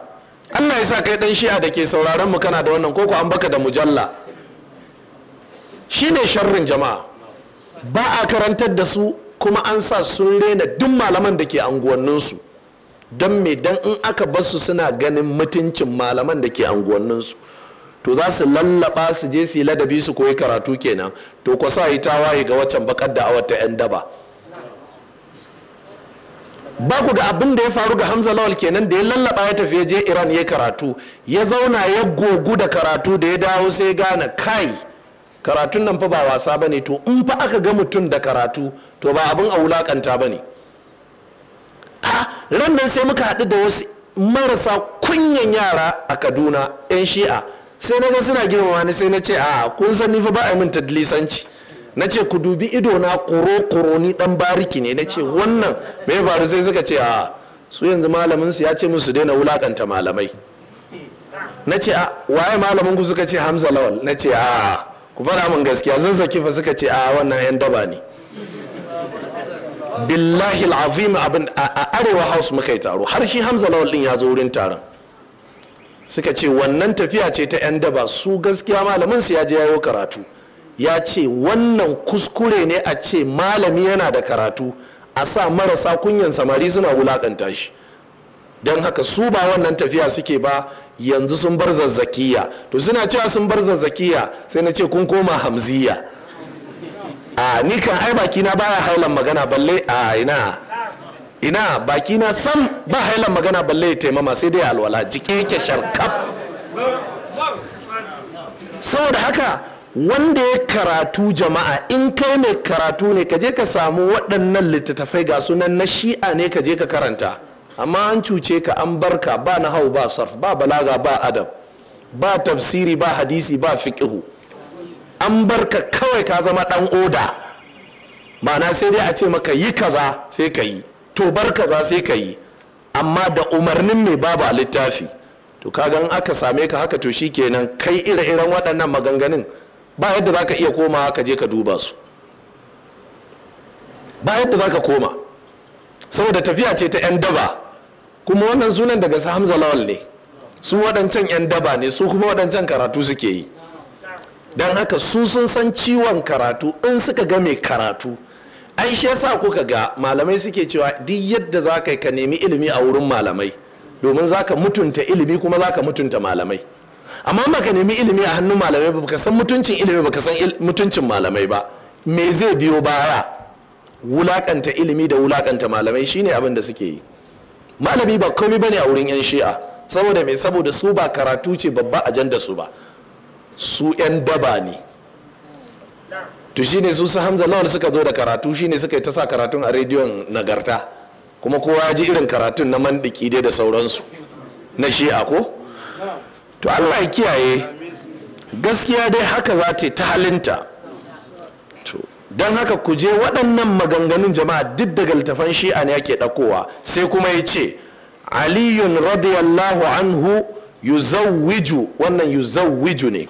allah ya sa kai dan shi'a da ke sauraron mu kana da wannan koko an baka da mujalla shine sharrin jama'a ba a karantar da su kuma an sa sun rena duk malaman da ke anguwanninsu don me dan in aka basu suna ganin mutuncin malaman da ke anguwanninsu to za su lallaba su je su ladabi su koyi karatu kenan to ku sa yi tawaye ga waccan bakar da awar ta yan daba ba ku ga abin da ya faru ga hamza lawal kenan da ya lallaba ya tafi je iran ya karatu ya zauna ya gogu da karatu da ya dawo sai gane kai karatun nan fa ba wasa ba ne to in fa aka ga mutum da karatu to ba abin a wulakanta ba ne a ran nan sai muka haɗu da wasu marasa kunyan yara a kaduna 'yan shi'a sai na ga suna girmama ni sai na ce a kun san ni fa ba a min tadlisanci na ce ku dubi ido na koro koro ni dan bariki ne na ce wannan me ya faru sai suka ce a su yanzu malamin su ya ce musu daina wulakanta malamai na ce a waye malamin ku suka ce Hamza Lawal na ce a ku fara min gaskiya zazzaki fa suka ce a wannan yan daba ne billahi al'azim abin a arewa house muka yi taro har shi Hamza Lawal din ya zo wurin taron suka ce wannan tafiya ce ta 'yan daba su gaskiya malamin su ya je yayo karatu ya ce wannan kuskure ne a ce malami yana da karatu a sa marasa kunyan samari suna wulakanta shi don haka su ba wannan tafiya suke ba yanzu sun bar zazzakiya to suna cewa sun bar zazzakiya sai na ce kun koma hamziya a ni kan ai baki na baya haulan magana balle a ina ina baki na sam ba hailan magana balle ya taimama sai dai alwala jike yake sharkab saboda haka wanda ya karatu jama'a in kai mai karatu ne ka je ka samu waɗannan littattafai ga sunan na shi'a ne ka je ka karanta amma an cuce ka an barka ba na hau ba sarf ba balaga ba adab ba tafsiri ba hadisi ba fiƙihu an barka kawai ka zama ɗan oda ma'ana sai dai a ce maka yi kaza sai ka yi to bar kaza sai ka yi amma da umarnin mai babu a littafi to kaga aka same ka haka to shi kenan kai ire-iren waɗannan maganganun ba yadda za ka iya koma ka je ka duba su ba yadda za ka koma saboda tafiya ce ta 'yan daba kuma wannan sunan daga su hamza lawal ne su waɗancan 'yan daba ne su kuma waɗancan karatu suke yi don haka su sun san ciwon karatu in suka ga mai karatu ai shi yasa kuka ga malamai suke cewa duk yadda za ka ka nemi ilimi a wurin malamai domin za ka mutunta ilimi kuma za ka mutunta malamai amma ba ka nemi ilimi a hannun malamai ba ka san mutuncin ilimi ba ka san mutuncin malamai ba me zai biyo baya wulakanta ilimi da wulakanta malamai shine abin da suke yi malami ba komai bane a wurin yan shi'a saboda me saboda su ba karatu ce babba a ajanda su ba su yan daba ne to shine su su hamza lawan suka zo da karatu shine suka yi ta sa karatun a rediyon nagarta kuma kowa ya ji irin karatun na mandiki dai da sauransu na shi'a ko to allah ya kiyaye gaskiya dai haka za ta ta halinta don haka ku je waɗannan maganganun jama'a duk daga littafan shi'a ne ake ɗakowa sai kuma ya ce aliyun radiyallahu anhu yuzawwiju wannan yuzawwiju ne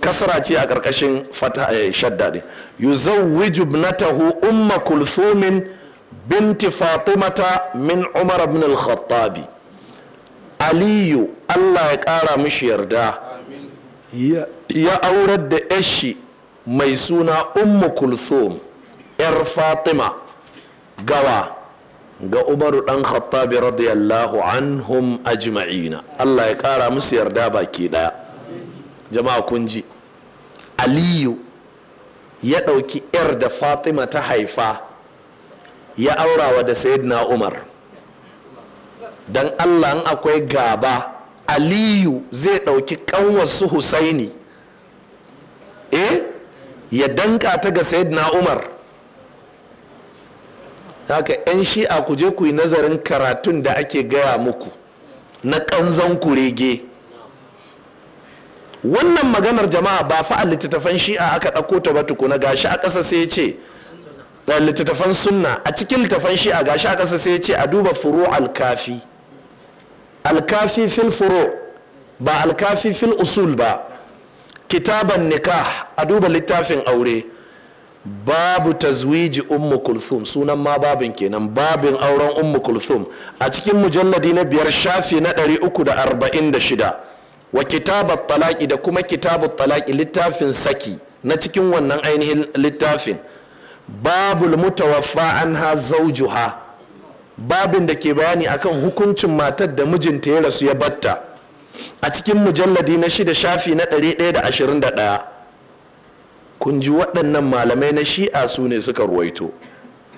kasra ce a karkashin fata eh, shadda din na ibnatahu umma kulthumin binti fatimata min umar ibn al-khattabi aliyu allah ya kara mishi yarda ya aurar da eshi mai suna umma kulthum yar fatima gawa ga umaru dan khattabi radiyallahu anhum ajma'ina allah ya ƙara musu yarda baki ɗaya. jama'a kun ji aliyu ya ɗauki 'yar da fatima ta haifa ya aurawa da sayidina umar don allah in akwai gaba aliyu zai ɗauki ƙanwarsu husaini eh ya danka ta ga sayidina umar haka 'yan shi'a ku je ku yi nazarin karatun da ake gaya muku na ƙanzon kurege wannan maganar jama'a ba fa a littattafan shi'a aka ɗauko ta ba tukuna gashi a ƙasa sai ce littattafan sunna a cikin littattafan shi'a gashi a ƙasa sai ce a duba furu alkafi alkafi fil furu ba alkafi fil usul ba kitaban nikah a duba littafin aure babu tazwiji ummu kulthum sunan ma babin kenan babin auren ummu kulthum a cikin mujalladi na biyar shafi na 346 wa kitabar talaki da kuma kitabar talaki littafin saki na cikin wannan ainihin littafin babul mutawaffa anha zawjuha babin da ke bayani akan hukuncin matar da mijinta ya rasu ya batta a cikin mujalladi na shida shafi na 121 kun ji waɗannan malamai na shi'a su ne suka ruwaito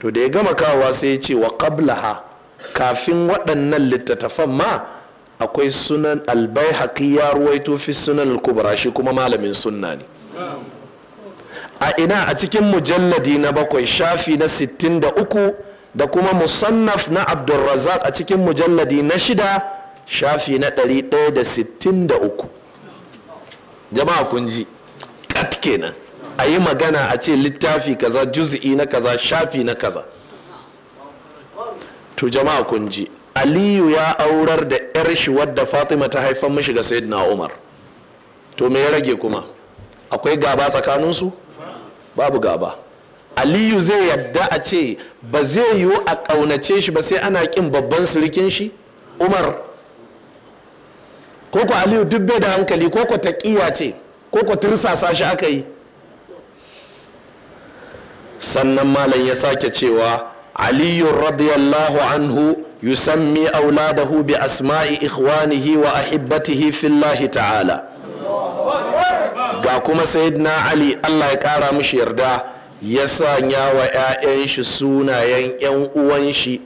to da ya gama kawowa sai ya ce wa kablaha kafin waɗannan littattafan ma akwai sunan haƙi ya ruwaito fi sunan al shi kuma malamin sunna ne a ina a cikin mujalladi na bakwai shafi na 63 da kuma musannaf na abdulrazak a cikin mujalladi na shida shafi na 163 jama'a kun ji kat kenan a yi magana a ce littafi kaza juzi'i na kaza shafi na kaza to jama'a kun ji aliyu ya aurar da yar shi wadda fatima ta haifan mishi ga sayyidina umar to me ya rage kuma akwai gaba tsakaninsu babu gaba aliyu zai yadda a ce ba zai yiwu a ƙaunace shi ba sai ana ƙin babban sirikin shi umar koko aliyu duk bai da hankali koko taƙiya ce koko tirsasa shi aka yi sannan malam ya sake cewa علي رضي الله عنه يسمي أولاده بأسماء إخوانه وأحبته في fillahi ta'ala. ga kuma sayyidina ali allah ya kara mishi yarda ya sanya wa 'ya'yan shi sunayen 'yan uwan shi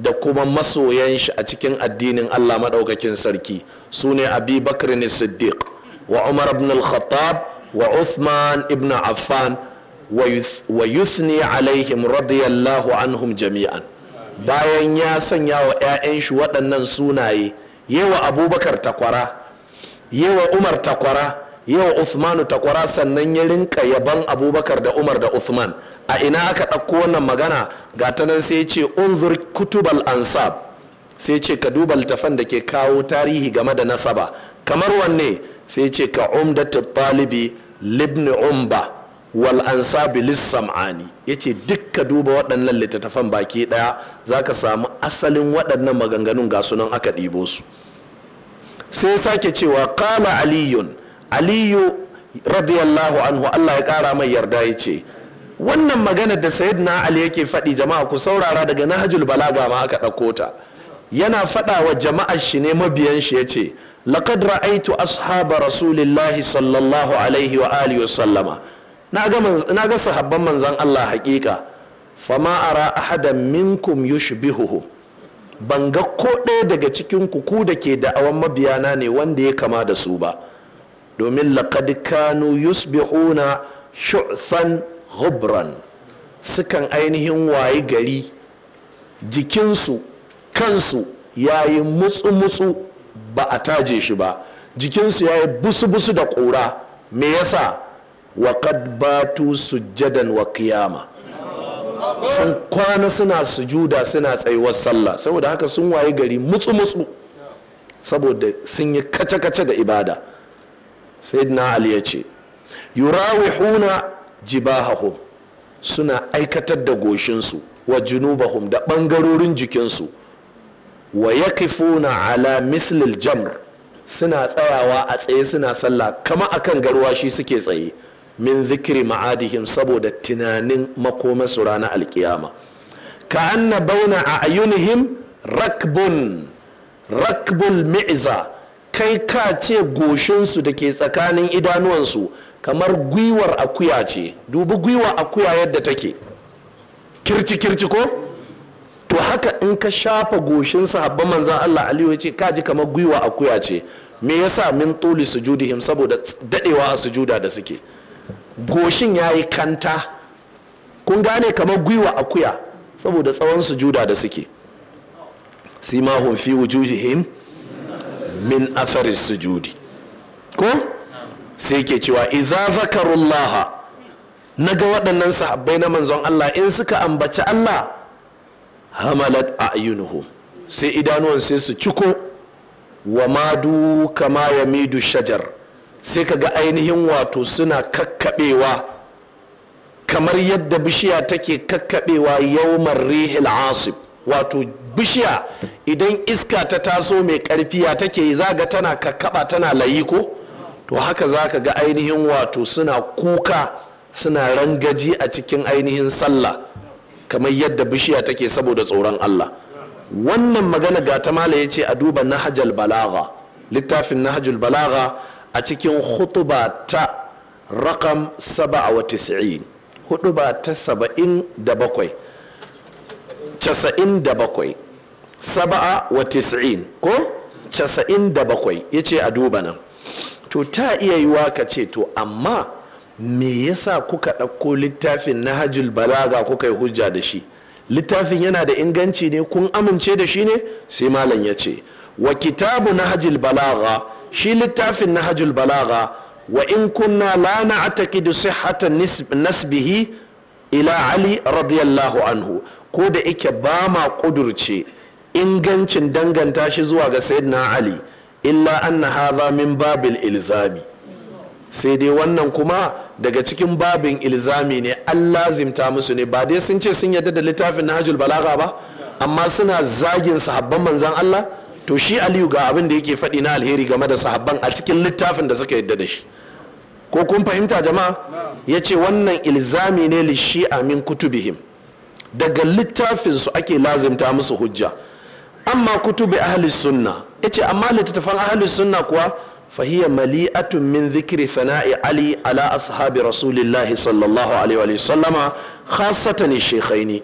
da kuma masoyan shi a cikin addinin allah maɗaukakin sarki su ne abi bakr siddiq wa umar ibn al-khattab wa uthman ibn affan wa yusni alaihim radiyallahu anhum jami'an bayan ya sanya wa 'ya'yan shi waɗannan sunaye Yawa abubakar takwara Yawa umar takwara yawa usmanu takwara sannan ya rinka yaban abubakar da umar da usman a ina aka ɗauko wannan magana ga ta nan sai ce unzur kutubal ansab sai ce ka duba littafan da ke kawo tarihi game da nasaba kamar wanne sai ce ka umdatu talibi libni umba wal ansabi lissam'ani duk dukka duba waɗannan littattafan baki ɗaya Za ka samu asalin waɗannan maganganun ga sunan aka ɗibo su sai sake cewa kama aliyun aliyu radiyallahu anhu Allah ya ƙara mai yarda ya ce. wannan maganar da na ali yake faɗi jama'a ku saurara daga nahajul balaga ma aka ɗauko ta yana faɗa wa jama'ar shi ne mabiyan shi ya yace laqad ra'aitu ashaba rasulillahi sallallahu alaihi wa alihi wa sallama na ga sahabban manzan Allah hakika fama ara ahadan minkum yushbihuhu ban ga ko ɗaya daga cikin ku da ke da'awan mabiyana ne wanda ya kama da su ba domin laqad kanu yusbihuna shu'san hubran sukan ainihin wayi gari jikinsu kansu yayi mutsu-mutsu ba a taje shi ba jikinsu yayi busu-busu da ƙura me yasa wa qad batu sujjadan wa kiyama sun kwana suna sujuda suna tsayuwar sallah saboda haka sun waye gari mutsu mutsu saboda sun yi kace kace da ibada sayyidina ali ya ce yurawihuna jibahahum suna aikatar da goshinsu wa junubahum da ɓangarorin jikinsu wa na ala mithlil jamr suna tsayawa a tsaye suna sallah kama akan garwashi suke tsaye min zikiri ma'adihim saboda tunanin makomasu rana alkiyama ka anna bauna a ayunihim rakbun rakbul mi'za kai ka ce goshinsu da ke tsakanin idanuwansu kamar gwiwar akuya ce dubi gwiwar akuya yadda take kirci kirci ko to haka in ka shafa goshinsa habban manzan Allah Aliyu ya ce ka ji kamar gwiwa akuya ce me yasa min tuli sujudihim saboda dadewa a sujuda da suke goshin ya yi kanta kun gane kamar gwiwa akuya saboda tsawon sujuda da suke Si ma fi wujuhihim min asarin sujudi ko sai ke cewa iza zakarullaha na ga waɗannan sahabbai na manzon Allah in suka ambaci Allah hamalat yunuhu sai idanuwan sai su ciko wa madu kama ya midu shajar sai ka ga ainihin wato suna kakkaɓewa kamar yadda bishiya take kakkaɓewa yawmar rihil asib wato bishiya idan iska ta taso mai karfiya take zaga tana kakkaɓa tana layi ko to haka za ka ga ainihin wato suna kuka suna rangaji a cikin ainihin sallah kamar yadda bishiya take saboda tsoron allah wannan magana ga ta mala ya ce a duba nahajal balaga littafin nahajul balaga a cikin hutuba ta rakam 97 hutuba ta 77 saba'a wa tis'in ko casa'in da bakwai ya ce a duba nan to ta iya yiwa ka ce to amma me yasa kuka ɗauko littafin na hajjul balaga kuka yi hujja da shi littafin yana da inganci ne kun amince da shi ne sai malam ya ce wa kitabu na hajjul balaga shi littafin na hajjul balaga wa in kunna la na'taqidu sihhata nasbihi ila ali radiyallahu anhu ko da ike ba ma kudurce ingancin danganta shi zuwa ga na ali illa anna hadha min babil ilzami sai dai wannan kuma daga cikin babin ilzami ne an lazimta musu ne ba dai sun ce sun yadda da littafin na nahajul balaga ba amma suna zagin sahabban manzan Allah to shi aliyu ga abin da yake faɗi na alheri game da sahabban a cikin littafin da suka yadda da shi ko kun fahimta jama'a ya ce wannan ilzami ne a min kutubihim daga littafinsu ake lazimta musu hujja amma kutubi ahli sunna ya ce amma littattafan ahli sunna kuwa fahiyya mali'atun min zikiri sana'i ali ala ashabi rasulillahi sallallahu alaihi wa sallama ne shekhaini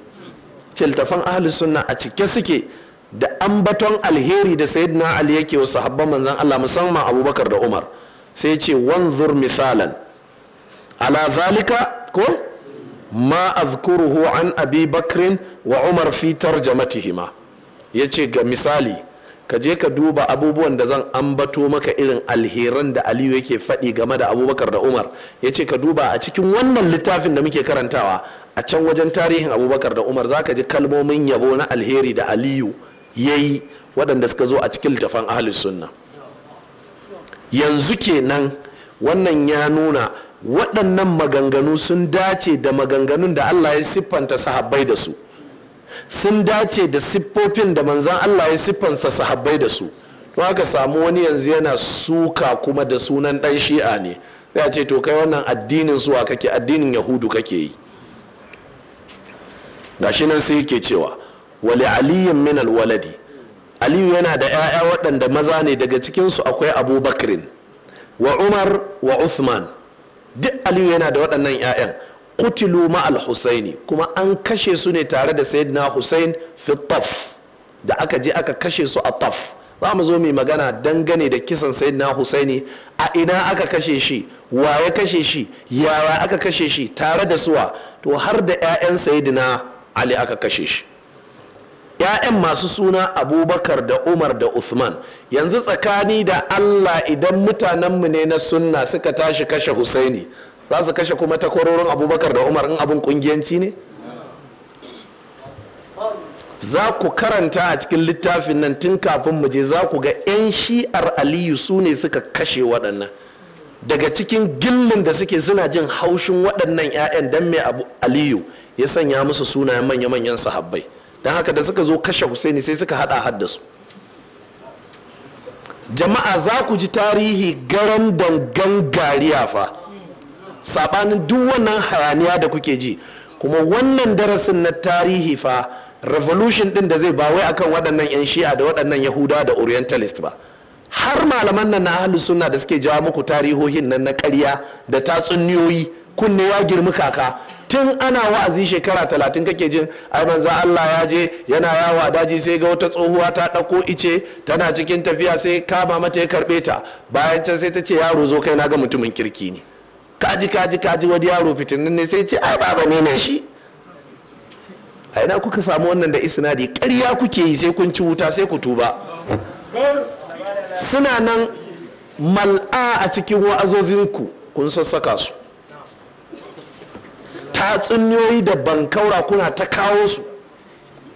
ce littattafan ahli sunna a cike suke da ambaton alheri da sayyidina ali yake wa sahabban manzon Allah musamman abubakar da umar sai ce wanzur misalan ala zalika ko ma azkuruhu an abi bakrin wa umar fi tarjamatihima ya ce ga misali ka je ka duba abubuwan da zan ambato maka irin alheran da aliyu yake faɗi game da abubakar da umar ya ce ka duba a cikin wannan littafin da muke karantawa a can wajen tarihin abubakar da umar za ka ji kalmomin yabo na alheri da aliyu ya yi waɗanda suka zo a cikin littafan ahalus sunna yanzu kenan wannan ya nuna waɗannan maganganu sun dace da maganganun da allah ya siffanta sahabbai da su sun dace da siffofin da manzan allah ya siffanta sahabbai da su don haka samu wani yanzu yana suka kuma da sunan ɗan shi'a ne ya ce to kai wannan addinin suwa kake addinin yahudu kake yi gashi nan sai yake cewa wali aliyin min alwaladi aliyu yana da 'ya'ya waɗanda maza ne daga cikinsu akwai abubakrin wa umar wa uthman duk aliyu yana da waɗannan 'ya'yan kutilu ma'al husaini kuma an kashe su ne tare da sayyidina husain fi taf da aka je aka kashe su a taf za mu zo mai magana dangane da kisan sayyidina husaini a ina aka kashe shi wa ya kashe shi yawa aka kashe shi tare da suwa to har da 'ya'yan sayyidina ali aka kashe shi 'ya'yan masu suna abubakar da umar da uthman yanzu tsakani da allah idan mutanenmu ne na sunna suka tashi kashe husaini za su kashe kuma takwarorin abubakar da umar in abin kungiyanci ne za ku karanta a cikin littafin nan tun kafin mu je za ku ga 'yan shi'ar aliyu su ne suka kashe waɗannan daga cikin gillin da suke suna jin haushin waɗannan 'ya'yan don mai aliyu ya sanya musu sunayen manya-manyan sahabbai don haka da suka zo kashe husaini sai suka hada haddasu jama'a za ku ji tarihi garan dangan gariya fa sabanin duk wannan hayaniya da kuke ji kuma wannan darasin na tarihi fa revolution din da zai ba wai akan waɗannan 'yan shi'a da waɗannan yahuda da orientalist ba har malaman nan na ahalus suna da suke jawo muku tarihohin nan na ƙarya da tatsuniyoyi kunne ya girmi kaka tun ana wa'azi shekara talatin kake jin ai manzo Allah ya je yana yawa daji sai ga wata tsohuwa ta ɗauko ice tana cikin tafiya sai kama mata ya karɓe ta bayan can sai ta ce yaro zo kai na ga mutumin kirki ne kaji kaji kaji wani yaro fitinin ne sai ce ai baba ne na shi a ina kuka samu wannan da isnadi ƙarya kuke yi sai kun ci wuta sai ku tuba suna nan mal'a a cikin wa'azozinku kun sassaka su tatsuniyoyi da bankaura kuna ta kawo su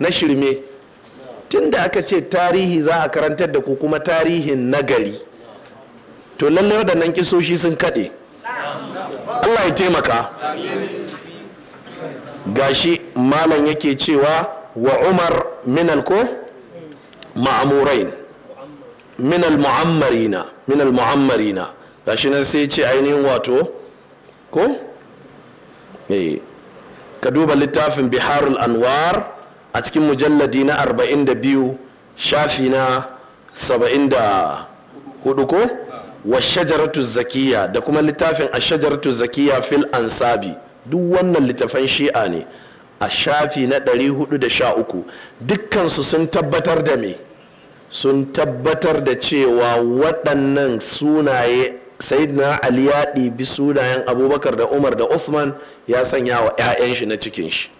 na shirme tun da aka ce tarihi za a karantar da ku kuma tarihin nagari to lallai waɗannan kisoshi sun kaɗe allah ya taimaka gashi malam yake cewa wa umar minal ko ma'amurain minal mu'ammarina minal mu'ammarina gashi nan sai ce ainihin wato ko Eh, ka duba littafin biharul anwar a cikin mujalladi na 42 shafi na 74 ko wa shajaratu zakiya da kuma littafin a shajaratu zakiya fil ansabi duk wannan littafan shi'a ne a shafi na 413 dukkansu sun tabbatar da me sun tabbatar da cewa waɗannan sunaye sayyidina ali ya ɗibi sunayen abubakar da umar da uthman ya sanya wa 'ya'yan shi na cikin shi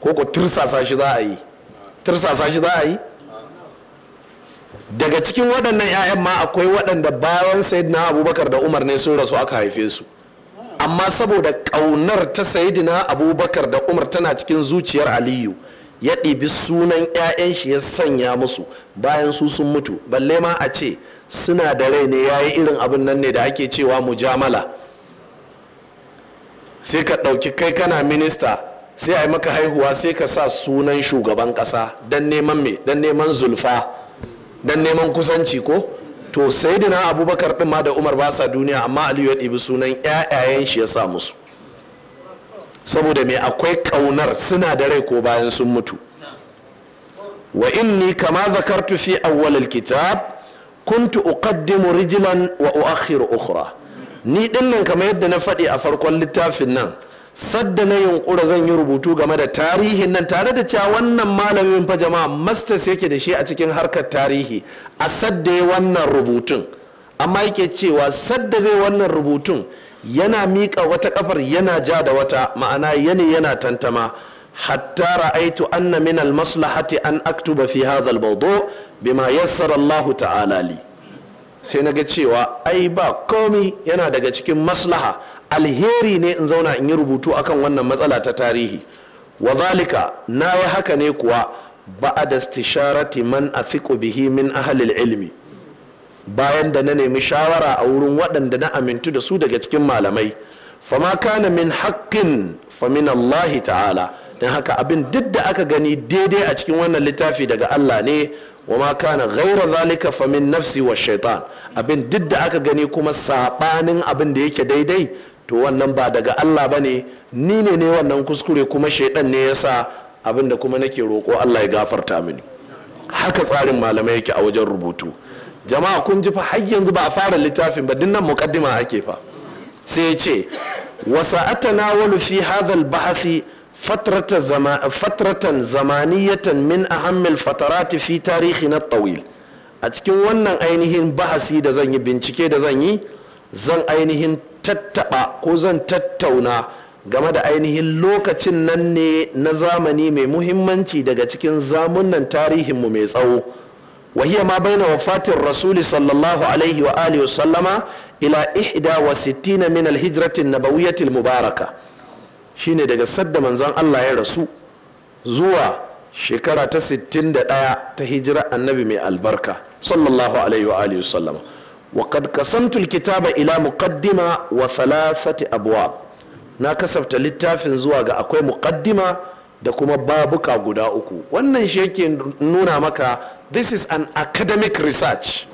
ko ko tirsasa shi za a yi tirsasa shi za a yi daga cikin waɗannan 'ya'yan ma akwai waɗanda bayan sayyidina abubakar da umar ne sun rasu aka haife su amma saboda ƙaunar ta sayyidina abubakar da umar tana cikin zuciyar aliyu ya ɗibi sunan 'ya'yan shi ya sanya musu bayan su sun mutu balle ma a ce suna da rai ne ya yi irin abin nan ne da ake cewa mujamala sai ka ɗauki kai kana minista sai a yi maka haihuwa sai ka sa sunan shugaban ƙasa don neman me don neman zulfa don neman kusanci ko to sai dina abubakar ɗin ma da umar ba sa duniya amma aliyu ya ɗibi sunan ƴaƴayen shi ya sa musu saboda me akwai ƙaunar suna da rai ko bayan sun mutu wa inni kama zakartu fi awwal kitab kuntu uqaddimu rijlan wa uakhiru ukhra ni nan kamar yadda na faɗi a farkon littafin nan sadda na ƙura zan yi rubutu game da tarihin nan tare da cewa wannan malamin fa jama'a masters yake da shi a cikin harkar tarihi a sadda ya wannan rubutun amma yake cewa sadda zai wannan rubutun yana miƙa wata kafar yana ja da wata ma'ana yana yana tantama hatta ra'aitu anna min al-maslahati an aktuba fi hadha bima yassara Allah ta'ala li sai na ga cewa ai ba komi yana daga cikin maslaha alheri ne in zauna in yi rubutu akan wannan matsala ta tarihi wa zalika na yi haka ne kuwa ba'ada istisharati man athiqu bihi min ahli ilmi bayan da na nemi shawara a wurin waɗanda na amintu da su daga cikin malamai fama kana min haƙƙin fa min Allah ta'ala don haka abin duk da aka gani daidai a cikin wannan littafi daga allah ne wa ma kana ghaira zalika fa min nafsi wa shaitan abin duk da aka gani kuma sabanin abin da yake daidai to wannan ba daga allah ba ne ni ne ne wannan kuskure kuma shaitan ne yasa abin da kuma nake roƙo allah ya gafarta mini haka tsarin malamai yake a wajen rubutu jama'a kun ji fa har yanzu ba a fara littafin ba dinnan muqaddima ake fa sai ya ce wasa wa fi hadha al-bahthi fatratan zamaniyatan min ahammil fatarati fi tarihi na tawil a cikin wannan ainihin bahasi da zan yi bincike da zan yi zan ainihin tattaba ko zan tattauna game da ainihin lokacin nan ne na zamani mai muhimmanci daga cikin zamunan tarihinmu mai tsawo wahiya ma baina wafatin rasuli sallallahu alaihi wa alihi wa sallama ila ihda wa sittina min alhijratin nabawiyatil mubaraka shine daga sadda manzon Allah ya rasu zuwa shekara ta 61 ta hijira annabi mai albarka sallallahu alaihi wa alihi sallama wa kad kasamtu alkitaba ila muqaddima wa thalathati abwab na kasafta littafin zuwa ga akwai muqaddima da kuma babuka guda uku wannan shi yake nuna maka this is an academic research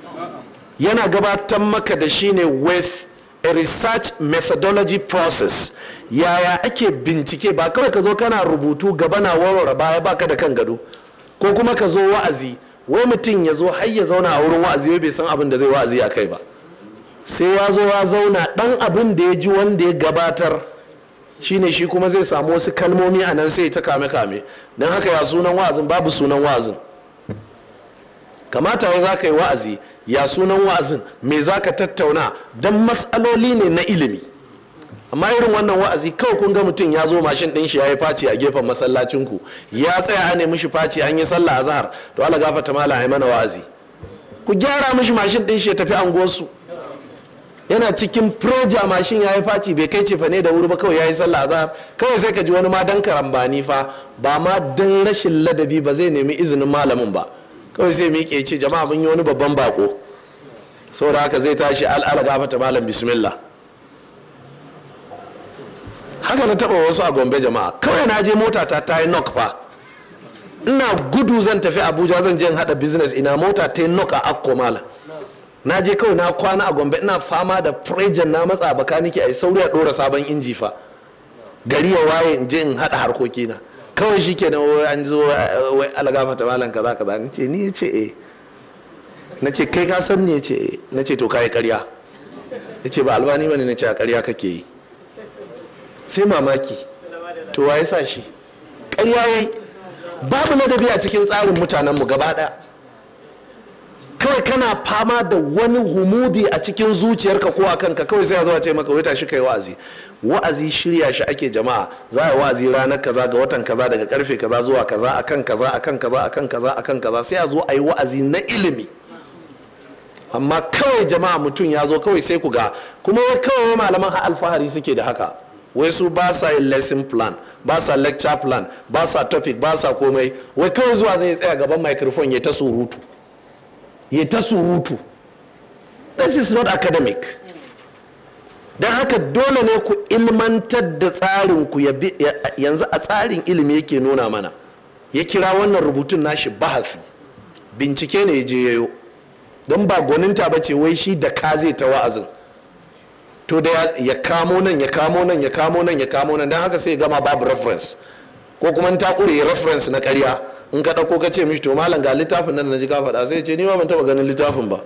yana gabatar maka da shine with a research methodology process yaya ake bincike ba kawai ka zo kana rubutu gaba na warware baya baka da kan gado ko kuma ka zo wa'azi wai mutum ya zo har ya zauna a wurin wa'azi wai bai san abin da zai wa'azi a kai ba sai ya zo ya zauna dan abin da ya ji wanda ya gabatar shine shi kuma zai samu wasu kalmomi a nan sai ta kame kame don haka ya sunan wa'azin babu sunan wa'azin kamata wai za ka yi wa'azi ya sunan wa'azin me za ka tattauna don matsaloli ne na ilimi amma irin wannan wa'azi kawai kun ga mutum ya zo mashin ɗin shi ya yi faci a gefen masallacinku ya tsaya a mishi shi faci an yi sallah a zahar to ala gafata mala a mana wa'azi ku gyara mishi mashin ɗin shi ya tafi anguwarsu yana cikin preja mashin ya yi faci bai kai cefa ne da wuri ba kawai ya yi sallah a zahar? kawai sai ka ji wani ma dan karambani fa ba ma dan rashin ladabi ba zai nemi izinin malamin ba kawai zai miƙe ce jama'a mun yi wani babban bako saboda haka zai tashi al'ala ta malam bismillah haka na taba wasu a gombe jama'a kawai na je mota ta ta nok fa ina gudu zan tafi abuja zan je hada business ina mota ta yi nok a akko malam na je kawai na kwana a gombe ina fama da prejan na matsa bakaniki a yi sauri a ɗora sabon inji fa gari ya waye in je in hada harkokina kawai shi kenan wai an zo wai alaga mata malam kaza kaza ni ce ni ya ce e. na ce kai ka san ne ya ce e. na ce to kai karya ya ce ba albani bane na ce a karya kake yi sai mamaki to wa ya sa shi karya yi babu ladabi a cikin tsarin mutanenmu gaba ɗaya kawai kana fama da wani humudi a cikin zuciyarka ko a kanka kawai sai a zo a ce maka wuta shi kai wa'azi wa'azi shirya shi ake jama'a za a wa'azi ranar kaza ga watan kaza daga karfe kaza zuwa kaza akan kaza akan kaza akan kaza akan kaza sai a zo a yi wa'azi na ilimi amma kawai jama'a mutum ya zo kawai sai ku ga kuma wai kawai malaman alfahari suke da haka wai su ba sa yin lesson plan ba sa lecture plan ba sa topic ba sa komai wai kawai zuwa zai tsaya gaban microphone ya ta surutu ya ta surutu this is not academic don haka dole ne ku ilmantar da tsarinku yanzu a tsarin ilimi yake nuna mana ya kira wannan rubutun nashi bahasi bincike ne ya je yayo don ba gwaninta ba ce wai shi da ka zai ta wa'azin to da ya kamo nan ya kamo nan ya kamo nan ya kamo nan don haka sai gama babu reference ko kuma ta ƙure reference na karya in ka ɗauko ka ce mishi to malam ga littafin nan na ji ka faɗa sai ce ni ma ban taɓa ganin littafin ba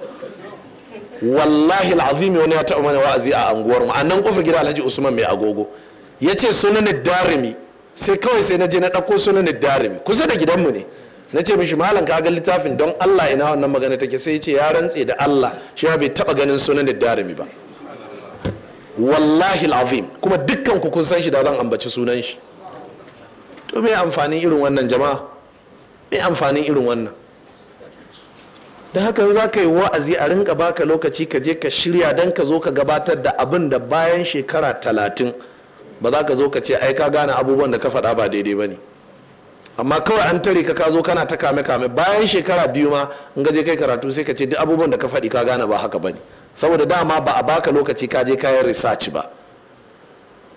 wallahi al'azimi wani ya taɓa mana wa'azi a anguwar mu annan kofar gida alhaji usman mai agogo ya ce sunan darimi sai kawai sai na je na ɗauko sunan darimi kusa da gidanmu ne na ce mishi malam ka ga littafin don allah ina wannan magana take sai ya ce ya rantse da allah shi ya bai taɓa ganin sunan darimi ba wallahi al'azim kuma dukkan ku kun san shi da zan ambaci sunan shi to me amfanin irin wannan jama'a mai amfanin irin wannan da hakan za ka yi wa'azi a rinka baka lokaci ka je ka shirya don ka zo ka gabatar da abin da bayan shekara talatin ba za ka zo ka ce ai ka gane abubuwan da ka faɗa ba daidai ba ne amma kawai an tare ka ka zo kana ta kame kame bayan shekara biyu ma in ga je kai karatu sai ka ce duk abubuwan da ka faɗi ka gane ba haka ba ne saboda dama ba a baka lokaci ka je kayan risaci ba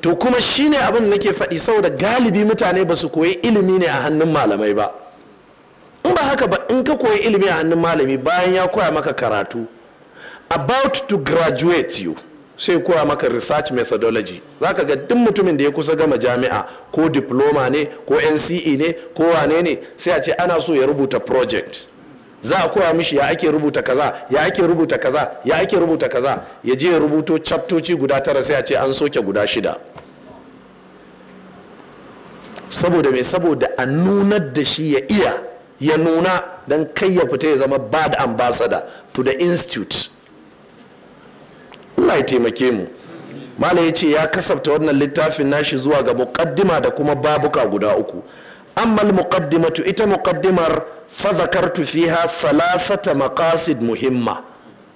to kuma shine abin da nake faɗi saboda galibi mutane ba su koyi ilimi ne a hannun malamai ba in ba haka ba in ka koyi ilimi a hannun malami bayan ya koya maka karatu about to graduate you sai koya maka research methodology za ka ga duk mutumin da ya kusa gama jami'a ko diploma ne ko nce ne ko wane ne sai a ce ana so ya rubuta project za a koya mishi ya ake rubuta kaza ya ake rubuta kaza ya ake rubuta kaza ya je ya rubuto chaptoci guda tara sai a ce an soke guda shida saboda mai saboda a nunar da shi ya iya ya nuna don kai ya fita ya zama bad ambassador to the institute Allah ya taimake mu Malam ya ce ya kasabta wannan littafin nashi zuwa ga muqaddima da kuma babuka guda uku ammal muqaddimatu ita muqaddimar fazakar tufiha fiha thalathata maqasid muhimma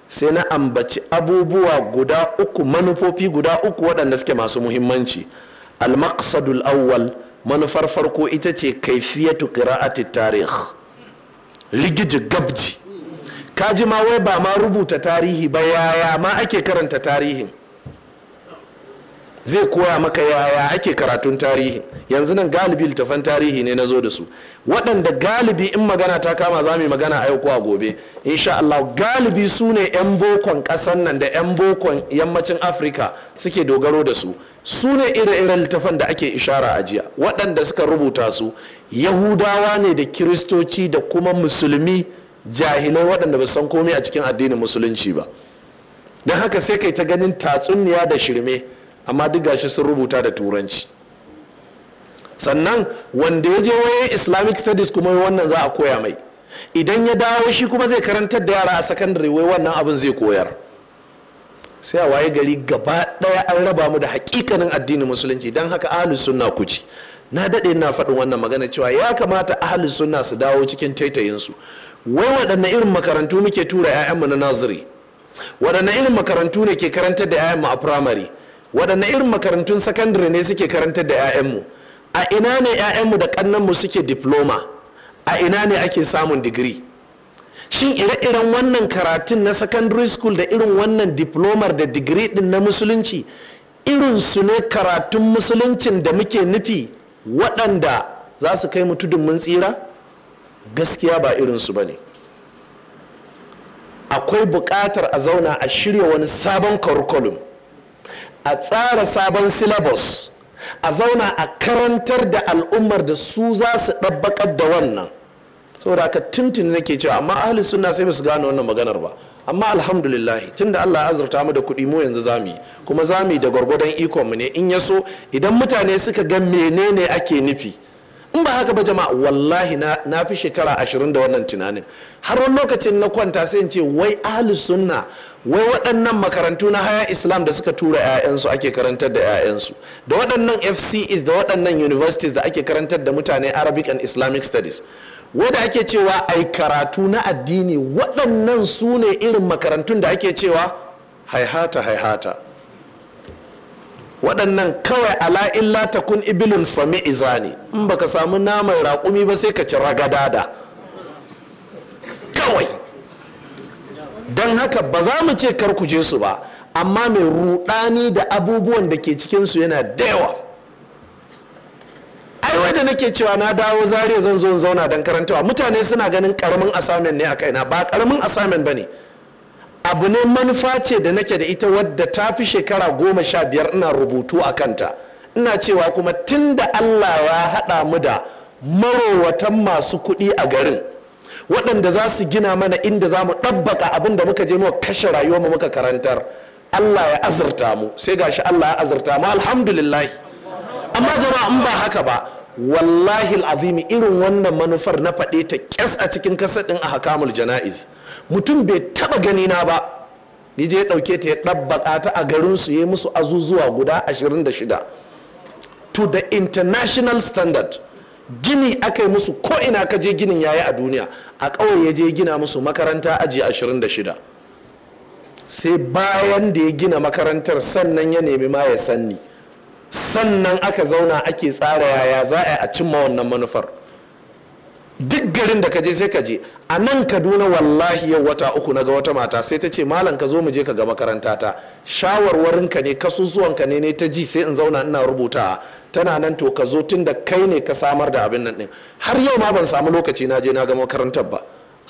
sai na ambaci abubuwa guda uku manufofi guda uku waɗanda suke masu muhimmanci al-maqsadul awwal manufar farko ita ce kaifiyatu qira'ati tarih ligiji gabji kaji ma wai ba ma rubuta tarihi ba yaya ma ake karanta tarihin zai koya maka yaya ake karatun tarihi yanzu nan galibi littafan tarihi ne na zo da su waɗanda galibi in magana ta kama za mu magana a yau ko a gobe insha Allah galibi su ne 'yan bokon ƙasan nan da 'yan bokon yammacin afirka suke dogaro da su su ne ire-iren littafan da ake ishara a jiya waɗanda suka rubuta su yahudawa ne da kiristoci da kuma musulmi jahilai waɗanda ba san komai a cikin addinin musulunci ba don haka sai kai ta ganin tatsuniya da shirme amma duk gashi sun rubuta da turanci sannan wanda ya je waye islamic studies kuma wannan za a koya mai idan ya dawo shi kuma zai karantar da yara a sakandare wai wannan abin zai koyar sai a waye gari gaba daya an raba mu da hakikanin addinin musulunci don haka ahalus sunna kuci na daɗe na faɗin wannan magana cewa ya kamata ahalus sunna su dawo cikin taitayinsu wai waɗanne irin makarantu muke tura 'ya'yanmu na naziri waɗanne irin makarantu ne ke karantar da 'ya'yanmu a firamare waɗanne irin makarantun sakandare ne suke karantar da 'ya'yanmu a ina ne 'ya'yanmu da ƙannanmu suke diploma a ina ne ake samun digiri shin ire-iren wannan karatun na secondary school da irin wannan diplomar da digiri din na musulunci irin su ne karatun musuluncin da muke nufi waɗanda za su kai mu tudun mun tsira gaskiya ba irinsu ba ne akwai buƙatar a zauna a shirya wani sabon curriculum a tsara sabon syllabus a zauna a karantar da al'ummar da su za su ɗabbaƙar da wannan saboda aka tuntun nake cewa amma ahli suna sai ba su gane wannan maganar ba amma alhamdulillah tunda Allah ya azurta mu da kuɗi mu yanzu zamu yi kuma zami da gwargwadon ikon mu ne in ya so idan mutane suka ga menene ake nufi in ba haka ba jama'a wallahi na fi shekara ashirin da wannan tunanin har wani lokacin na kwanta sai in ce wai ahli sunna wai waɗannan makarantu na haya islam da suka tura 'ya'yansu ake karantar da 'ya'yansu da waɗannan fcs da waɗannan universities da ake karantar da mutane arabic and islamic studies wadda ake cewa ai karatu na addini waɗannan su ne irin makarantun da ake cewa haihata haihata waɗannan kawai ala illa ta kun ibilun sami izani in baka samu naman raƙumi ba sai ka gada da kawai don haka ba za mu ce kar ku je su ba amma mai ruɗani da abubuwan da ke cikinsu yana da yawa ai da nake cewa na dawo zariya zan zo in zauna don karantawa mutane suna ganin karamin asamen ne a kaina ba ƙaramin asamen ba ne abu ne manufa ce da nake da ita wadda ta fi shekara goma sha biyar ina rubutu a kanta ina cewa kuma tun da allah ya haɗa mu da marowatan masu kuɗi a garin waɗanda za su gina mana inda za mu ɗabbaka abin da muka je muka kashe mu muka karantar allah ya azurta mu sai gashi allah ya azurta mu alhamdulillah amma jama'a in ba haka ba wallahi azimi irin wannan manufar na faɗe ta kyas a cikin kasadin a hakamul jana'iz mutum bai taɓa ganina ba ni je ya ɗauke ta ya ɗabbaƙa ta a garin su yi musu azuzuwa guda 26 to the international standard gini aka yi musu ko ina ka je ginin yayi a duniya a ƙauye ya je gina musu makaranta aji 26 sai bayan da ya gina makarantar sannan ya nemi ma ya sanni sannan aka zauna ake tsara yaya za a yi a cimma wannan manufar duk garin da ka je sai ka je a nan kaduna wallahi yau wata uku na ga wata mata sai ta ce malam ka zo mu je ka ga makaranta ta shawarwarin ka ne ka ne ne ta ji sai in zauna ina rubuta tana nan to ka zo tun da kai ne ka samar da abin nan din har yau ma ban samu lokaci na je na ga makarantar ba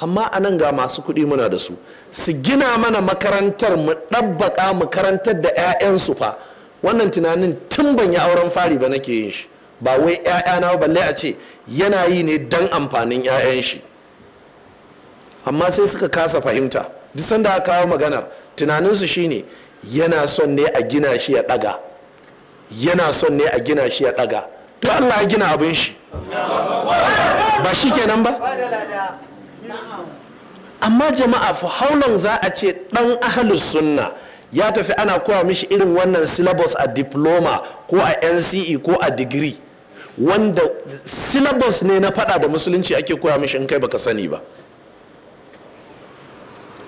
amma a nan ga masu kuɗi muna da su su gina mana makarantar mu ɗabbaƙa mu karantar da 'ya'yansu fa wannan tunanin tun ban yi auren fari ba nake yin shi ba wai 'ya'yana balle a ce yana yi ne dan amfanin 'ya'yan shi amma sai suka kasa fahimta duk sanda aka kawo maganar tunaninsu shine yana son ne a gina shi ya daga yana son ne a gina shi ya daga to Allah ya gina abin shi ba shi kenan ba amma jama'a fa haulan za a ce dan ahlus sunna ya tafi ana koya mishi irin wannan syllabus a diploma ko a nce ko a digiri wanda syllabus ne na fada da musulunci ake koya mishi in kai baka sani ba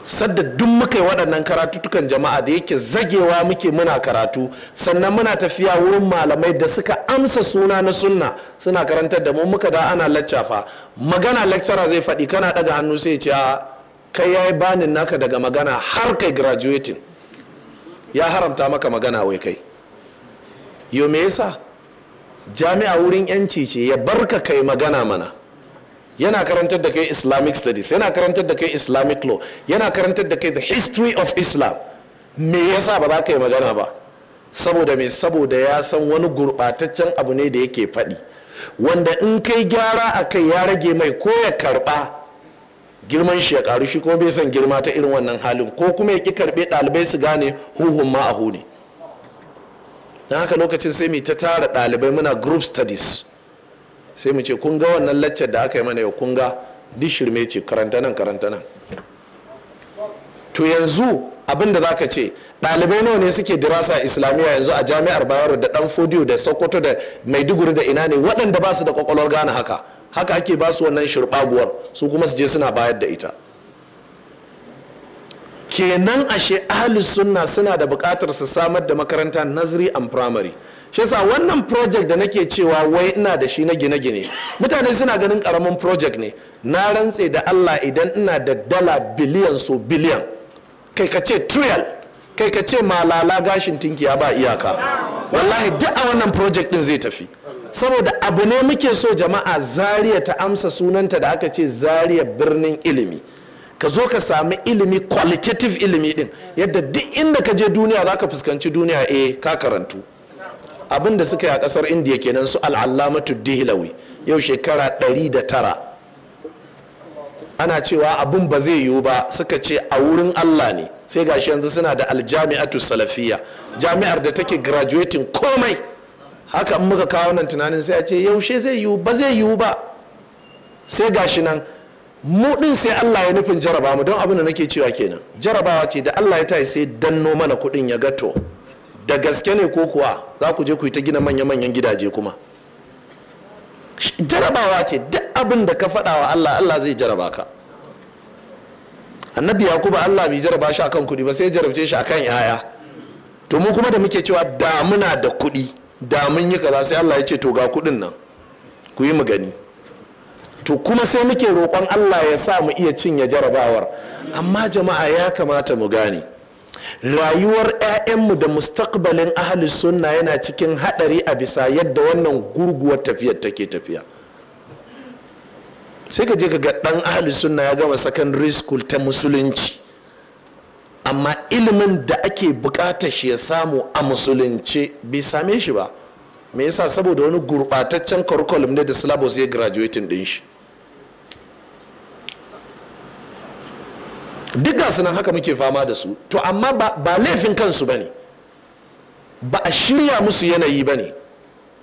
sadda duk muka yi waɗannan karatutukan jama'a da yake zagewa muke muna karatu sannan muna tafiya wurin malamai da suka amsa suna na sunna suna karantar da mu muka da ana laccafa magana lecturer zai faɗi kana ɗaga hannu sai ce kai yayi banin naka daga magana har kai graduating ya haramta maka magana wai kai yau me yasa jami'a wurin yanci ce ya barka kai magana mana yana karantar da kai islamic studies yana karantar da kai islamic law yana karantar da kai the history of islam me yasa ba za ka yi magana ba saboda me saboda ya san wani gurɓataccen abu ne da yake faɗi wanda in kai gyara a kai ya rage mai ko ya karɓa girman shi ya karu shi ko bai son girma ta irin wannan halin ko kuma ya ki karbe dalibai su gane huhun ma a ne don haka lokacin sai mu ta tara dalibai muna group studies sai mu ce kun ga wannan laccar da aka yi mana yau kun ga duk shirme ce karanta nan karanta nan to yanzu abin da zaka ce dalibai nawa ne suke dirasa islamiyya yanzu a jami'ar bayero da dan fodiyo da sokoto da maiduguri da ina ne waɗanda ba su da kwakwalwar gane haka haka ake ba su wannan shirɓaguwar su kuma su je suna bayar da ita kenan ashe ahli sunna suna da buƙatar su samar da makaranta nazari and primary shi wannan project da nake cewa wai ina da shi na gine-gine mutane suna ganin ƙaramin project ne na rantse da allah idan ina da dala biliyan so biliyan kai ka ce trial kai ka ce malala gashin tinki ya ba iyaka wallahi duk a wannan project din zai tafi saboda abu ne muke so jama'a zariya ta amsa sunanta da aka ce zariya birnin ilimi ka zo ka sami ilimi qualitative ilimi din yadda duk inda ka je duniya za ka fuskanci duniya eh ka karantu abin da suka yi a kasar indiya kenan su al'allamatu dihlawi yau shekara 109 ana cewa abin ba zai yiwu ba suka ce a wurin allah ne sai gashi yanzu suna da aljami'atu salafiya jami'ar da take graduating komai haka in muka kawo nan tunanin sai a ce yaushe zai yiwu ba zai yiwu ba sai gashi nan mu din sai Allah ya nufin jaraba mu don abin da nake cewa kenan jarabawa ce da Allah ya tayi sai danno mana kudin ya gato da gaske ne ko kuwa za ku je ku yi ta gina manya-manyan gidaje kuma jarabawa ce duk abin da ka faɗa wa Allah Allah zai jaraba ka annabi kuma Allah bai jaraba shi akan kuɗi ba sai ya jarabce shi akan yaya to mu kuma da muke cewa da muna da kuɗi da mun yi kaza sai Allah ya ce to ga kuɗin nan ku yi mu gani to kuma sai muke roƙon Allah ya sa mu iya cinye jarabawar amma jama'a ya kamata mu gane rayuwar 'ya'yanmu da mustaqbalin ahli sunna yana cikin haɗari a bisa yadda wannan gurguwar tafiyar take tafiya sai ka je ka ga ɗan ahli sunna ya gama sakandare school ta musulunci amma ilimin da ake buƙatar shi ya samu a musulunci bai same shi ba me yasa saboda wani gurbataccen curriculum ne da syllabus ya graduating din shi duk gasu nan haka muke fama da su to amma ba laifin kansu ba ne ba a shirya musu yanayi ba ne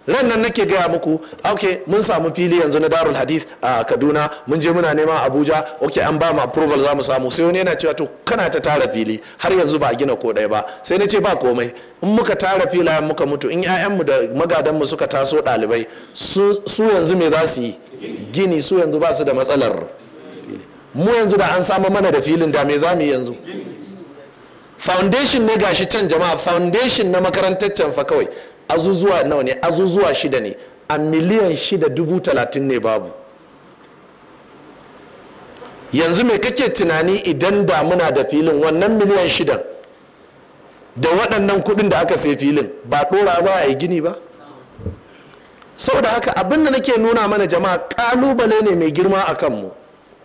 ran nan nake gaya muku ok mun samu fili yanzu na darul hadith a kaduna mun je muna neman abuja ok an ba mu approval za mu samu sai wani yana cewa to kana ta tara fili har yanzu ba a gina ko ɗaya ba sai na ce ba komai in muka tara filayen muka mutu in 'ya'yanmu da magadanmu suka taso ɗalibai su yanzu me za su yi gini su yanzu ba su da matsalar mu yanzu da an samu mana da filin da me za mu yanzu foundation ne gashi can jama'a foundation na makarantar can fa kawai azuzuwa nawa ne azuzuwa shida ne a miliyan shida dubu talatin ne babu yanzu mai kake tunani idan da muna da filin wannan miliyan shidan da waɗannan kuɗin da aka sai filin ba ɗora za a yi gini ba saboda haka abin da nake nuna mana jama'a ƙalubale ne mai girma a kanmu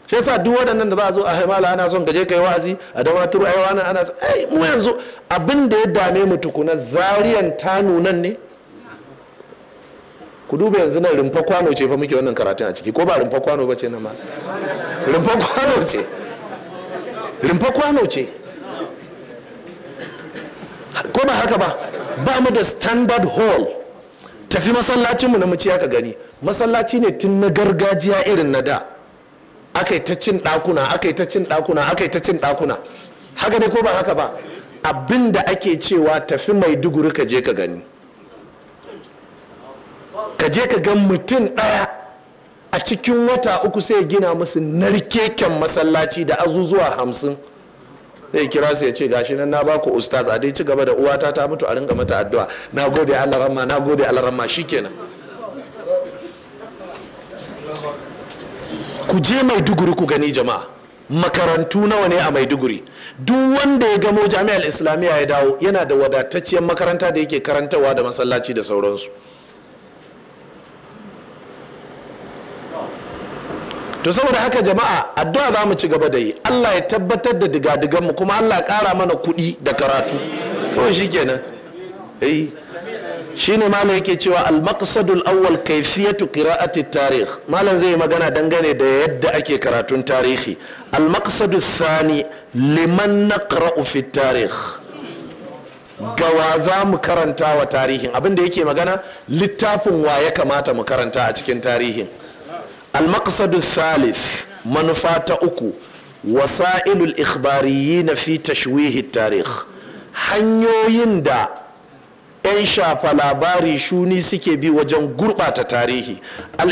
shi yasa duk waɗannan da za a zo a haimala ana son gaje kai wa'azi a damaturu ai wani ana ai mu yanzu abin da ya dame mu tukuna zariyan ta nunan ne ku duba yanzu nan rumfa kwano ce fa muke wannan karatun a ciki ko ba rumfa kwano ba ce nan ma rumfa kwano ce rumfa kwano ce ko ba haka ba ba mu da standard hall tafi masallacinmu na mu ci ka gani masallaci ne tun na gargajiya irin na da aka yi ta cin ɗakuna aka yi ta cin ɗakuna aka yi ta cin ɗakuna haka ne ko ba haka ba abin da ake cewa tafi mai duguri ka je ka gani ka je ka gan mutum ɗaya a cikin wata uku sai gina musu narkeken masallaci da azuzuwa hamsin zai kira su ya ce gashi nan na baku ustaz a dai ci gaba da uwata ta mutu a ringa mata addu'a na gode allah ramma na gode allah ramma shikenan ku je maiduguri ku gani jama'a makarantu nawa ne a maiduguri duk wanda ya gamo jami'ar islamiyya ya dawo yana da wadatacciyar makaranta da yake karantawa da masallaci da sauransu to saboda haka jama'a addu'a za mu ci gaba da yi allah ya tabbatar da diga mu kuma allah ya kara mana kuɗi da karatu kawai shi kenan eh. shine malam yake cewa al-maqsadul awwal kayfiyatu qira'ati tarikh malam zai magana dangane da yadda ake karatun tarihi al-maqsadu thani liman naqra'u fi tarikh gawa za mu karanta wa tarihin abin da yake magana littafin wa ya kamata mu karanta a cikin tarihin al-maqsadu thalith manufa ta uku wasa'ilul ikhbariyina fi tashwihi tarikh hanyoyin da 'yan shafa labari shuni suke bi wajen gurɓata tarihi al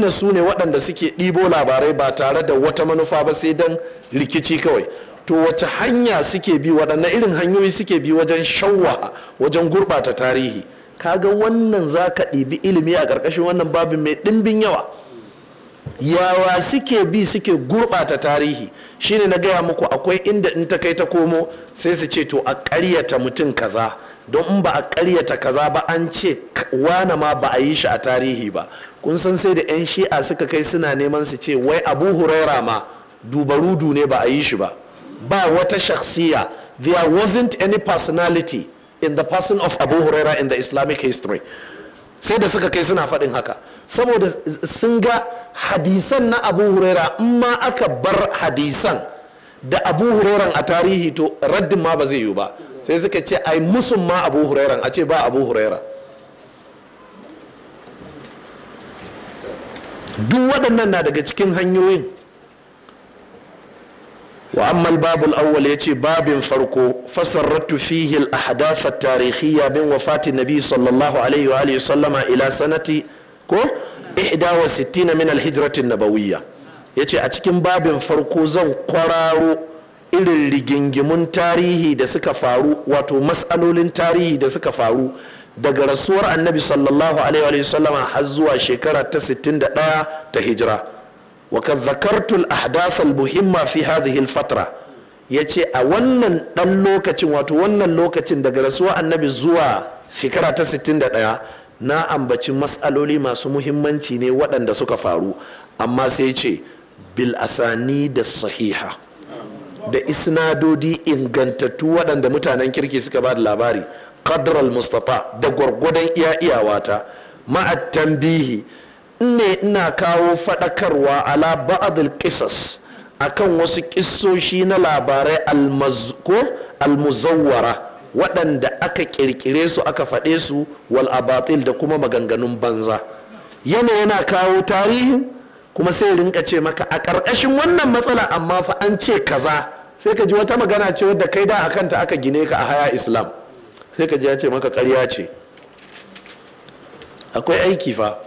na su ne waɗanda suke ɗibo labarai ba tare da wata manufa ba sai don rikici kawai to wace hanya suke bi waɗanda irin hanyoyi suke bi wajen shawwa wajen gurɓata tarihi kaga wannan za ka ɗibi ilimi a ƙarƙashin wannan babin mai ɗimbin yawa yawa suke bi suke gurɓata tarihi shine na gaya muku akwai inda in ta kai ta komo sai su ce to a ƙaryata mutum kaza don in ba a karyata kaza ba an ce wane ma ba a yi shi a tarihi ba kun san sai da 'yan shi'a suka kai suna neman su ce wai abu huraira ma dubarudu ne ba a yi shi ba ba wata shakhsiya there wasn't any personality in the person of abu huraira in the islamic history sai da suka kai suna faɗin haka saboda sun ga hadisan na abu huraira in ma aka bar hadisan da abu hurairan a tarihi to raddin ma ba zai yiwu ba sai suka ce ai musun ma abu hurairan a ce ba abu huraira duk waɗannan na daga cikin hanyoyin wa amma babul awwal ya ce babin farko fasarratu fihi al-ahdath at-tarikhiyya min wafati nabi sallallahu alaihi wa alihi sallama ila sanati ko 61 min al na an-nabawiyya yace a cikin babin farko zan kwararo irin rigingimun tarihi da suka faru wato matsalolin tarihi da suka faru daga rasuwar annabi sallallahu alaihi wasallama har zuwa shekara ta 61 ta hijira wa kad buhimma muhimma fi hadhihi al ya ce a wannan ɗan lokacin wato wannan lokacin daga rasuwar annabi zuwa shekara ta 61 na ambaci matsaloli masu muhimmanci ne waɗanda suka faru amma sai ce bil asani da sahiha da isnadodi ingantattu waɗanda mutanen kirki suka ba da labari kadral mustapha da gwargwadon iya iyawata ma'at tambihi ne ina kawo faɗakarwa ala ba'adul qisas akan wasu kissoshi na labarai almuzawwara waɗanda aka ƙirƙire su aka faɗe su wal abatil da kuma maganganun banza yana yana kawo tarihin kuma sai rinka ce maka a ƙarƙashin wannan matsala amma fa an ce kaza sai ka ji wata magana ce wadda kai da a kanta aka gine ka a haya islam sai ka ji ya ce maka ƙarya ce akwai aiki fa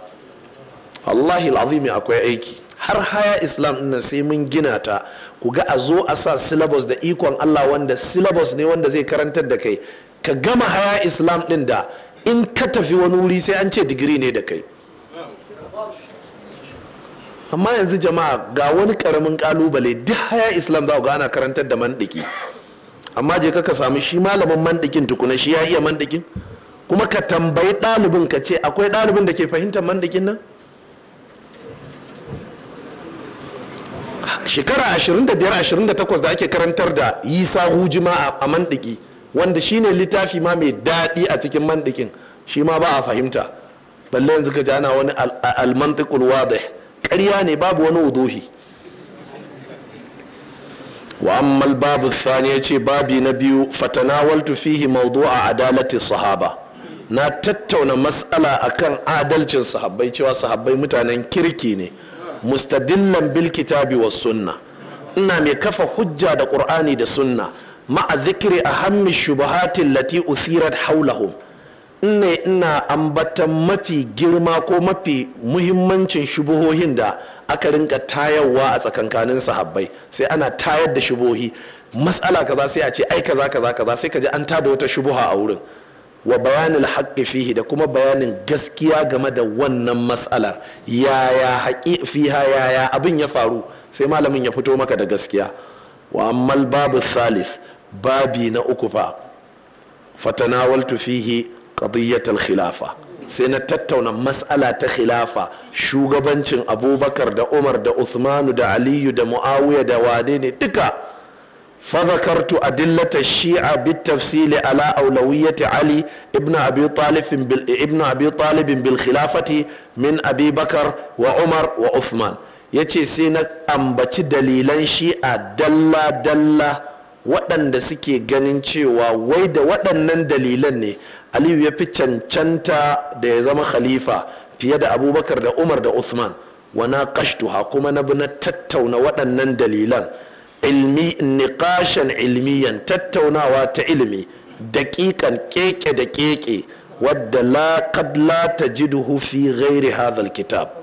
wallahi al'azimi akwai aiki har haya islam nan sai mun gina ta ku ga a zo a sa syllabus da ikon allah wanda syllabus ne wanda zai karantar da kai ka gama haya islam din da in ka tafi wani wuri sai an ce digiri ne da kai amma yanzu jama'a ga wani karamin kalubale duk haya islam za ga ana karantar da mandiki amma je ka samu shi malamin mandikin tukuna shi ya iya mandikin kuma ka tambayi ɗalibin ka ce akwai ɗalibin da ke fahimtar mandikin nan shekara 25-28 da ake karantar da yisa hujima a mandiki wanda shine littafi ma mai daɗi a cikin mandikin shi ma ba a fahimta balle yanzu ka jana ana wani almantikul wadih ƙarya ne babu wani wuduhi wa ammal babu sani ya ce babi na biyu fatanawaltu fihi mawdu'a adalati sahaba na tattauna matsala akan adalcin sahabbai cewa sahabbai mutanen kirki ne mustadillan bil kitabi wa sunna ina mai kafa hujja da qur'ani da sunna ma'a zikiri a ahammi shubahatin lati usirat haulahum ne ina ambatan mafi girma ko mafi muhimmancin shubuhohin da aka rinka tayarwa a tsakankanin sahabbai sai ana tayar da shubuhi matsala kaza sai a ce ai kaza kaza kaza sai ka ji an tada wata shubuha a wurin wa bayanin haƙƙi fihi da kuma bayanin gaskiya game da wannan matsalar yaya haƙi fiha yaya abin ya faru sai malamin ya fito maka da gaskiya wa ammal babu salis babi na uku fa fatanawaltu fihi qadiyatul khilafa sai na tattauna matsala ta khilafa shugabancin abubakar da umar da usmanu da aliyu da muawiya da wane ne duka fadakartu adillata shi'a bit tafsili ala aulawiyyati ali ibn abi talib bil ibn abi talib bil khilafati min abi bakar wa umar wa usman yace sai na ambaci dalilan shi'a dalla dalla waɗanda suke ganin cewa wai da waɗannan dalilan ne aliyu ya fi cancanta da ya zama khalifa fiye da abubakar da umar da usman wana kashtuha kuma na bi na tattauna waɗannan dalilan ilmi niƙashen ilmiyan tattaunawa ta ilmi daƙiƙan keke da keke wadda la kad la tajiduhu fi ghairi kitab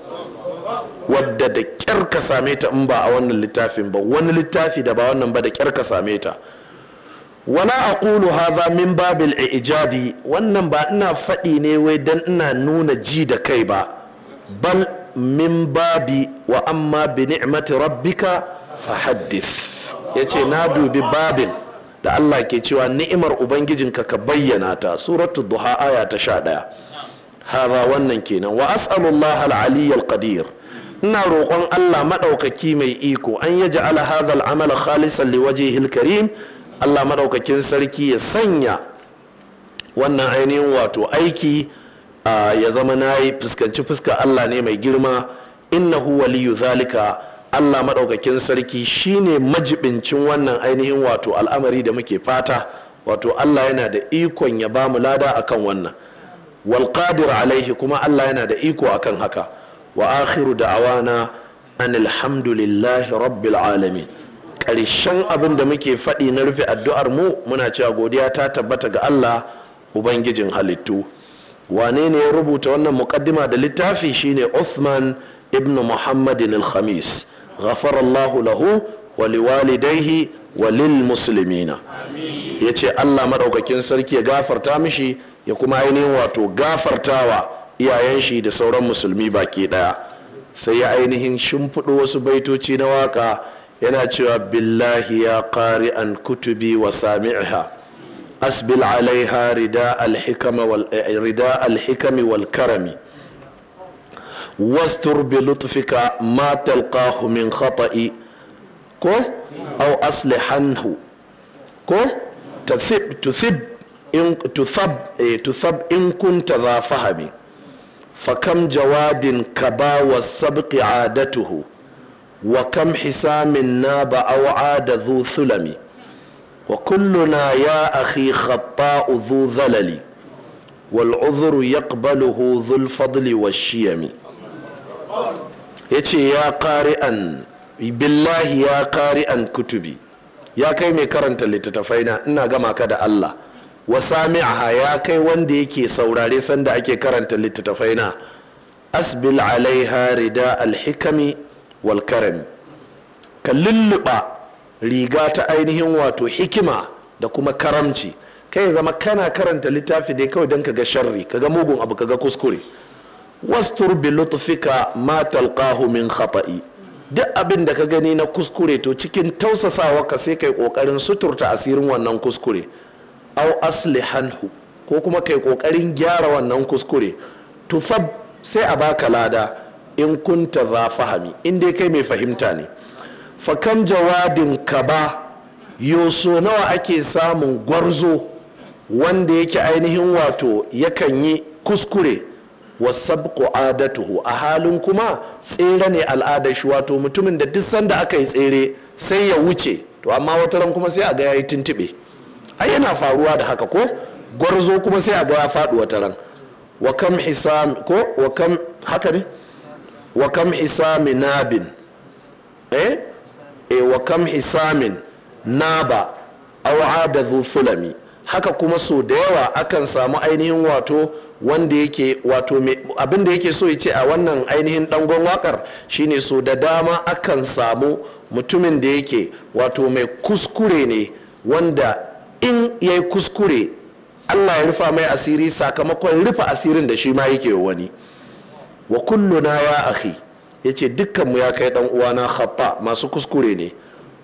wadda da kyar ka same ta in ba a wannan littafin ba wani littafi da ba wannan ba da kyar ka same ta wala aqulu hadha min babil ijabi wannan ba ina faɗi ne wai dan ina nuna ji da kai ba bal min babi wa amma bi ni'mati rabbika Ya yace na dubi babin da Allah ke cewa ni'imar ubangijinka ka bayyana ta Suratu duha aya ta sha 11 hadha wannan kenan wa as'alullaha al-aliyyal qadir ina roƙon Allah maɗaukaki mai iko an ya ji hadha al-amala khalisan liwaje karim Allah maɗaukakin sarki ya sanya wannan ainihin wato aiki ya zama na yi fuskanci fuska Allah ne mai girma innahu waliyu zalika Allah maɗaukakin sarki shine majibincin wannan ainihin wato al'amari da muke fata wato Allah yana da ikon ya ba mu lada akan wannan wal alaihi kuma Allah yana da iko akan haka wa akhiru da'awana an lillahi rabbil alamin ƙarshen abin da muke faɗi na rufe addu'ar mu muna cewa godiya ta tabbata ga Allah ubangijin halittu wane ne ya rubuta wannan muqaddima da littafi shine Uthman ibn Muhammadin al-Khamis ghafarallahu lahu wa walil wa lil Ya yace Allah maɗaukakin sarki ya gafarta mishi ya kuma ainihin wato gafartawa iyayen shi da sauran musulmi baki daya sai ya ainihin shimfiɗo wasu baitoci na waka yana cewa billahi ya ƙari an kutubi wa sami'iha asbil alaiha eh, rida alhikami wal karami wastur bi lutfika ma talqahu min khata'i ko au aslihanhu ko tuthib eh, in kunta za fahami fakam jawadin ba wa sabqi adatuhu wa kam hisamin naba aw ada dhu thulami wa kulluna ya akhi khatta'u dhu dhalali wal udhru yaqbaluhu dhul fadli washiyami yace ya an, billahi ya an kutubi ya kai mai karanta littattafai na ina gama ka da Allah wa sami'aha ya kai wanda yake saurare sanda ake karanta littattafai na asbil alaiha rida alhikami wal karami ka lulluɓa riga ta ainihin wato hikima da kuma karamci kai zama kana karanta littafi dai kawai don kaga sharri ga mugun abu kaga kuskure wastur bi lutfika ma talqahu min khata'i duk abin da ka gani na kuskure to cikin tausasawa ka sai kai kokarin suturta asirin wannan kuskure au aslihanhu ko kuma kai kokarin gyara wannan kuskure tufab sai a baka lada in kunta za fahami in dai kai mai fahimta ne fakam jawadin ka ba yoso nawa ake samun gwarzo wanda yake ainihin wato yakan yi kuskure wasabku adatuhu a halin kuma tsere ne al'adar shi wato mutumin da duk sanda aka yi tsere sai ya wuce to amma wata ran kuma sai a ga yayi tuntube ai yana faruwa da haka ko gwarzo kuma sai a ga ya faɗi wata ran wa kam hisam ko wa kam haka wa kam nabin eh e wa kam hisamin naba aw ada haka kuma so da yawa akan samu ainihin wato wanda yake wato abin da yake so ya ce a wannan ainihin dangon wakar shine so da dama akan samu mutumin da yake wato mai kuskure ne wanda in ya yi kuskure allah ya rufa mai asiri sakamakon rufa asirin da shi ma yake wani wa kullu na ya akhi ya ce dukkanmu ya kai dan uwana khata masu kuskure ne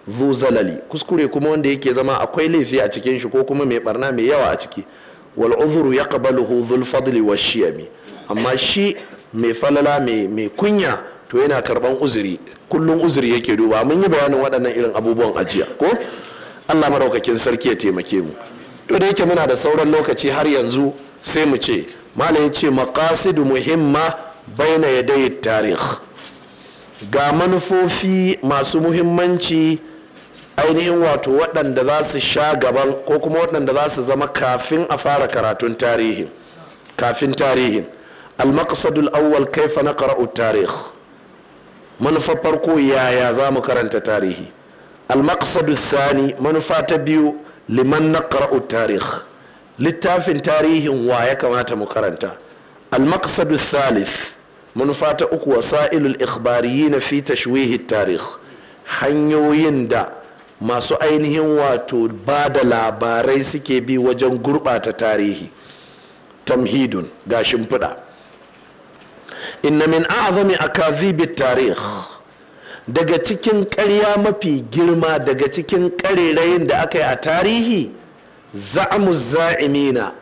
zu zalali kuskure kuma wanda yake zama akwai laifi a cikin shi ko kuma mai barna mai yawa a ciki wal uzru yaqbaluhu dhul fadli wa shiyami amma shi mai falala mai kunya to yana karban uzuri kullum uzuri yake duba mun yi bayanin waɗannan irin abubuwan ajiya ko allah maraukakin sarki ya taimake mu to da yake muna da sauran lokaci har yanzu sai mu ce malam ya ce maqasidu muhimma baina yadayi tarih ga manufofi masu muhimmanci ainihin wato waɗanda za su sha gaban ko kuma waɗanda za su zama kafin a fara karatun tarihi kafin tarihin almaqsadul awwal kaifa naqra'u tarih manufar farko yaya za mu karanta tarihi al-maqsadu thani manufa ta biyu liman naqra'u tarikh littafin tarihin wa ya kamata mu karanta al-maqsadu manufa ta uku wasailul ikhbariyin fi tashwihi tarikh hanyoyin da masu ainihin wato ba da labarai suke bi wajen gurbata tarihi tamhidun ga shimfiɗa inna min a'zami akazibit tarikh daga cikin ƙarya mafi girma daga cikin ƙarerayin da aka yi a tarihi za'amu za'imina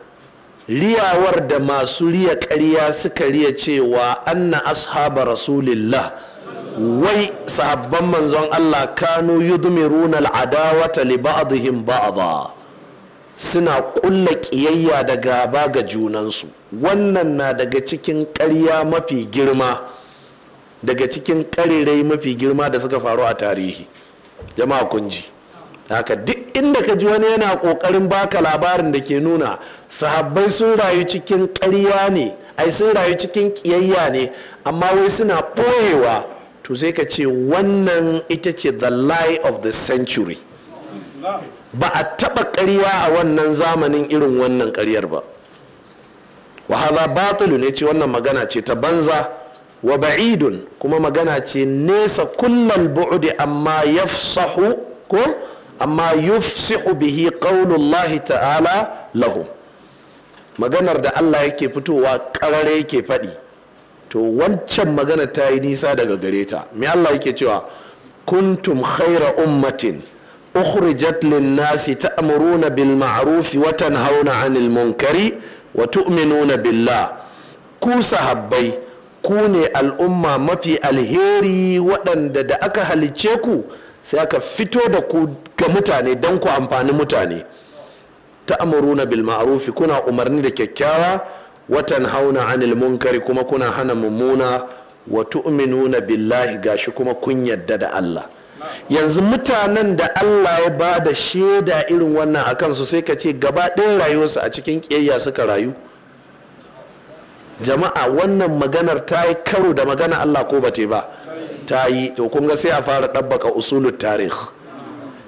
riyawar da masu riya ƙarya suka riya cewa anna ashaba rasulillah wai sahabban manzon Allah kanu yudmiruna al'adawata li ba'dihim ba'dha suna ƙulla ƙiyayya da gaba ga junansu wannan na daga cikin ƙarya mafi girma daga cikin karerai mafi girma da suka faru a tarihi jama'a kunji haka duk inda ka ji wani yana kokarin baka labarin da ke nuna sahabbai sun rayu cikin ƙarya ne ai sun rayu cikin ƙiyayya ne amma wai suna ɓoyewa to sai ka ce wannan ita ce the lie of the century ba a taɓa ƙarya a wannan zamanin irin wannan ƙaryar ba Wahala batulu ne ce wannan magana ce ta banza wa ba'idun kuma magana ce nesa kullal bu'di amma yafsahu ko amma yufsihu bihi qaulullahi ta'ala lahu maganar da Allah yake fitowa karare yake faɗi to wancan magana ta yi nisa daga gare ta me Allah yake cewa kuntum khaira ummatin ukhrijat lin-nasi ta'muruna bil ma'ruf watan hauna 'anil munkari wa tu'minuna billah ku sahabbai ku ne al'umma mafi alheri waɗanda da aka halicce ku sai aka fito da ku ga mutane don ku amfani mutane ta amuruna bil ma'rufi kuna umarni da kyakkyawa watan hauna anil munkari kuma kuna hana mummuna wa tu'minuna billahi gashi kuma kun yadda da Allah yanzu mutanen da Allah ya bada da shaida irin wannan akan su sai ka ce gaba ɗaya rayuwarsu a cikin ƙiyayya suka rayu jama'a wannan maganar ta yi karo da magana allah ko ba ba ta yi to kun ga sai a fara ɗabbaka usulun tarihi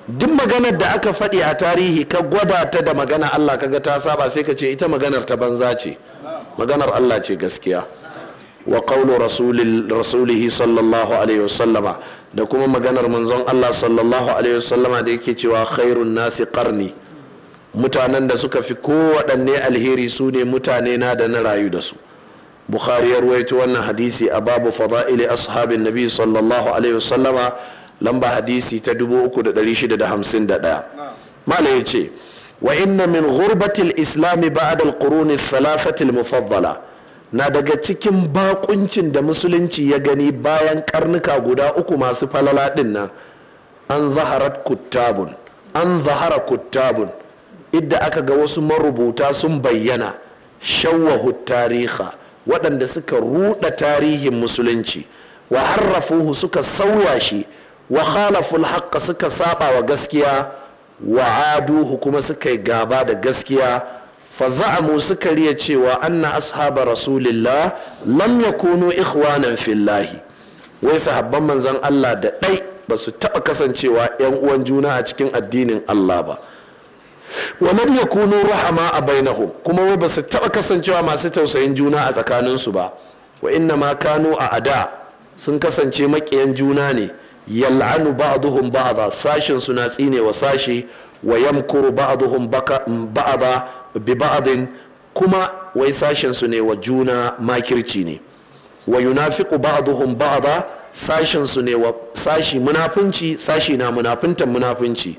duk maganar da aka faɗi a tarihi ka gwada ta da magana allah kaga ta saba sai ka ce ita maganar ta banza ce maganar allah ce gaskiya wa qawlu rasulihi sallallahu alaihi wasallama da kuma maganar manzon allah sallallahu alaihi wasallama da yake cewa khairun nasi karni mutanen da suka fi kowaɗanne alheri su ne mutane na da na rayu da su bukhari ya ruwaito wannan hadisi a babu fada'ili ashabin nabi sallallahu alaihi wasallama lamba hadisi ta 3651 mala ya ce wa inna min ghurbatil islami ba'da al-quruni thalathatil mufaddala na daga cikin bakuncin da musulunci ya gani bayan karnuka guda uku masu falala din nan an zaharat kuttabun an zahara kuttabun idda aka ga wasu marubuta sun bayyana shawwahu tariha waɗanda suka ruɗa tarihin musulunci wa harrafuhu suka sauya shi wa khalaful haqqa suka saba wa gaskiya wa aduhu kuma suka yi gaba da gaskiya fa za'amu suka riya cewa anna ashaba rasulillah lam yakunu ikhwanan fillahi wai sahabban manzon Allah da ɗai ba su taɓa kasancewa 'yan uwan juna a cikin addinin Allah ba wa lam yakunu rahama a bainahum kuma wai ba su taba kasancewa masu tausayin juna a tsakaninsu ba wa inna ma kanu a ada sun kasance makiyan juna ne yal'anu ba'dhum ba'dha sashin suna tsine wa sashi wa yamkuru ba'duhum ba'dha bi ba'din kuma wai sashin su ne wa juna makirci ne wa yunafiqu ba'dhum ba'dha sashin su ne wa sashi munafunci sashi na munafuntan munafunci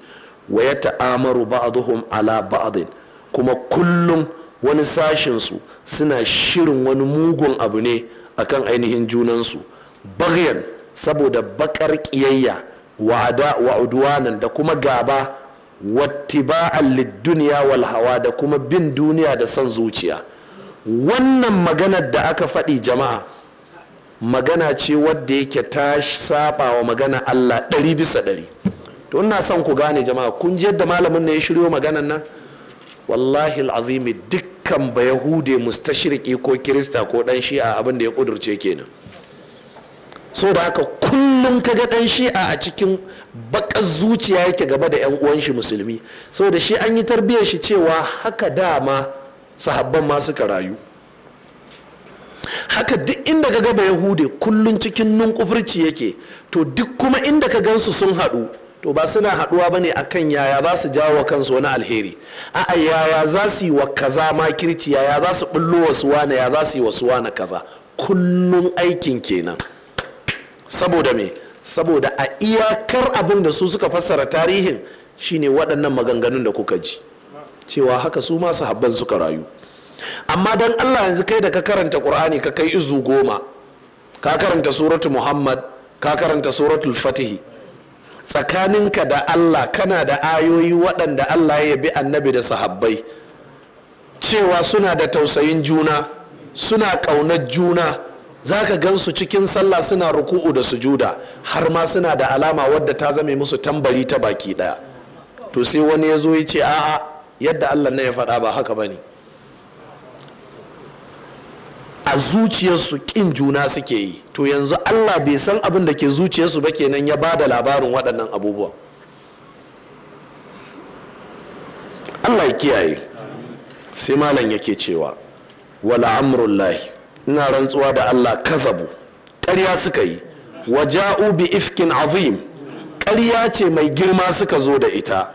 wa ya ta'amaru ba'dhum ala ba'd kuma kullum wani su suna shirin wani mugun abu ne akan ainihin junansu bagyan saboda bakar ƙiyayya wa'uduwanan da kuma gaba wattiba'an lidduniya wal hawa da kuma bin duniya da son zuciya wannan maganar da aka faɗi jama'a magana ce wadda yake ta saba wa magana allah ɗari bisa ɗari to ina son ku gane jama'a kun ji yadda malamin na ya shiryo maganan nan wallahi al'azimi dukkan ba yahude mustashriki ko kirista ko dan shi'a abin da ya kudurce kenan so da haka kullum ka ga dan shi'a a cikin bakar zuciya yake gaba da yan uwan shi musulmi saboda shi an yi tarbiyyar shi cewa haka dama sahabban ma suka rayu haka duk inda ka gaba yahude kullum cikin kufurci yake to duk kuma inda ka gansu sun haɗu to ba suna haɗuwa ba ne akan yaya za su jawo wa kansu wani alheri a'a yaya za su yi wa kaza makirci yaya za su bullo wasu wane ya za su yi wasu wane kaza kullum aikin kenan saboda me saboda a iyakar abin da su suka fassara tarihin shine waɗannan maganganun da kuka ji cewa haka su masu habban suka rayu amma don allah yanzu kai da ka karanta ƙur'ani ka kai izu goma ka karanta suratu muhammad ka karanta suratul fatihi tsakaninka da allah kana da ayoyi waɗanda allah ya bi annabi da sahabbai cewa suna da tausayin juna suna ƙaunar juna za ka gan su cikin sallah suna ruku'u da sujuda har ma suna da alama wadda ta zame musu tambari ta baki ɗaya to sai wani ya zo ya ce a'a yadda allah na ya faɗa ba haka bane a zuciyarsu kin juna suke yi to yanzu allah bai san abin da ke zuciyarsu ba kenan ya ba da labarin waɗannan abubuwa allah ya kiyaye sai malam yake cewa wala amrullahi ina rantsuwa da allah kazabu ƙarya suka yi Wa ja'u bi ifkin azim ƙarya ce mai girma suka zo da ita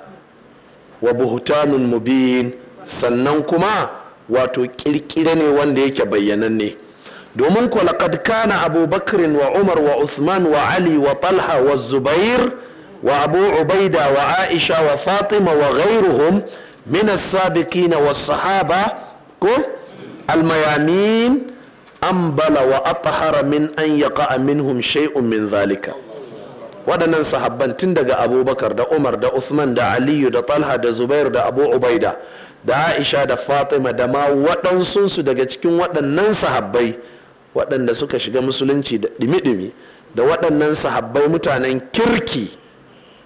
wa mu mubin sannan kuma wato kirkire ne wanda yake bayyananne domin kuwa laƙad kana abubakrin wa umar wa usman wa ali wa talha wa zubair wa abu ubaida wa aisha wa fatima wa ghairuhum min as-sabiqina wa sahaba ko al-mayamin ambala wa athara min an yaqa minhum shay'un min zalika waɗannan sahabban daga abubakar da umar da usman da aliyu da talha da zubair da abu ubaida da aisha da fatima da ma waɗansunsu daga cikin waɗannan sahabbai waɗanda suka shiga musulunci da ɗimi-ɗimi da waɗannan sahabbai mutanen kirki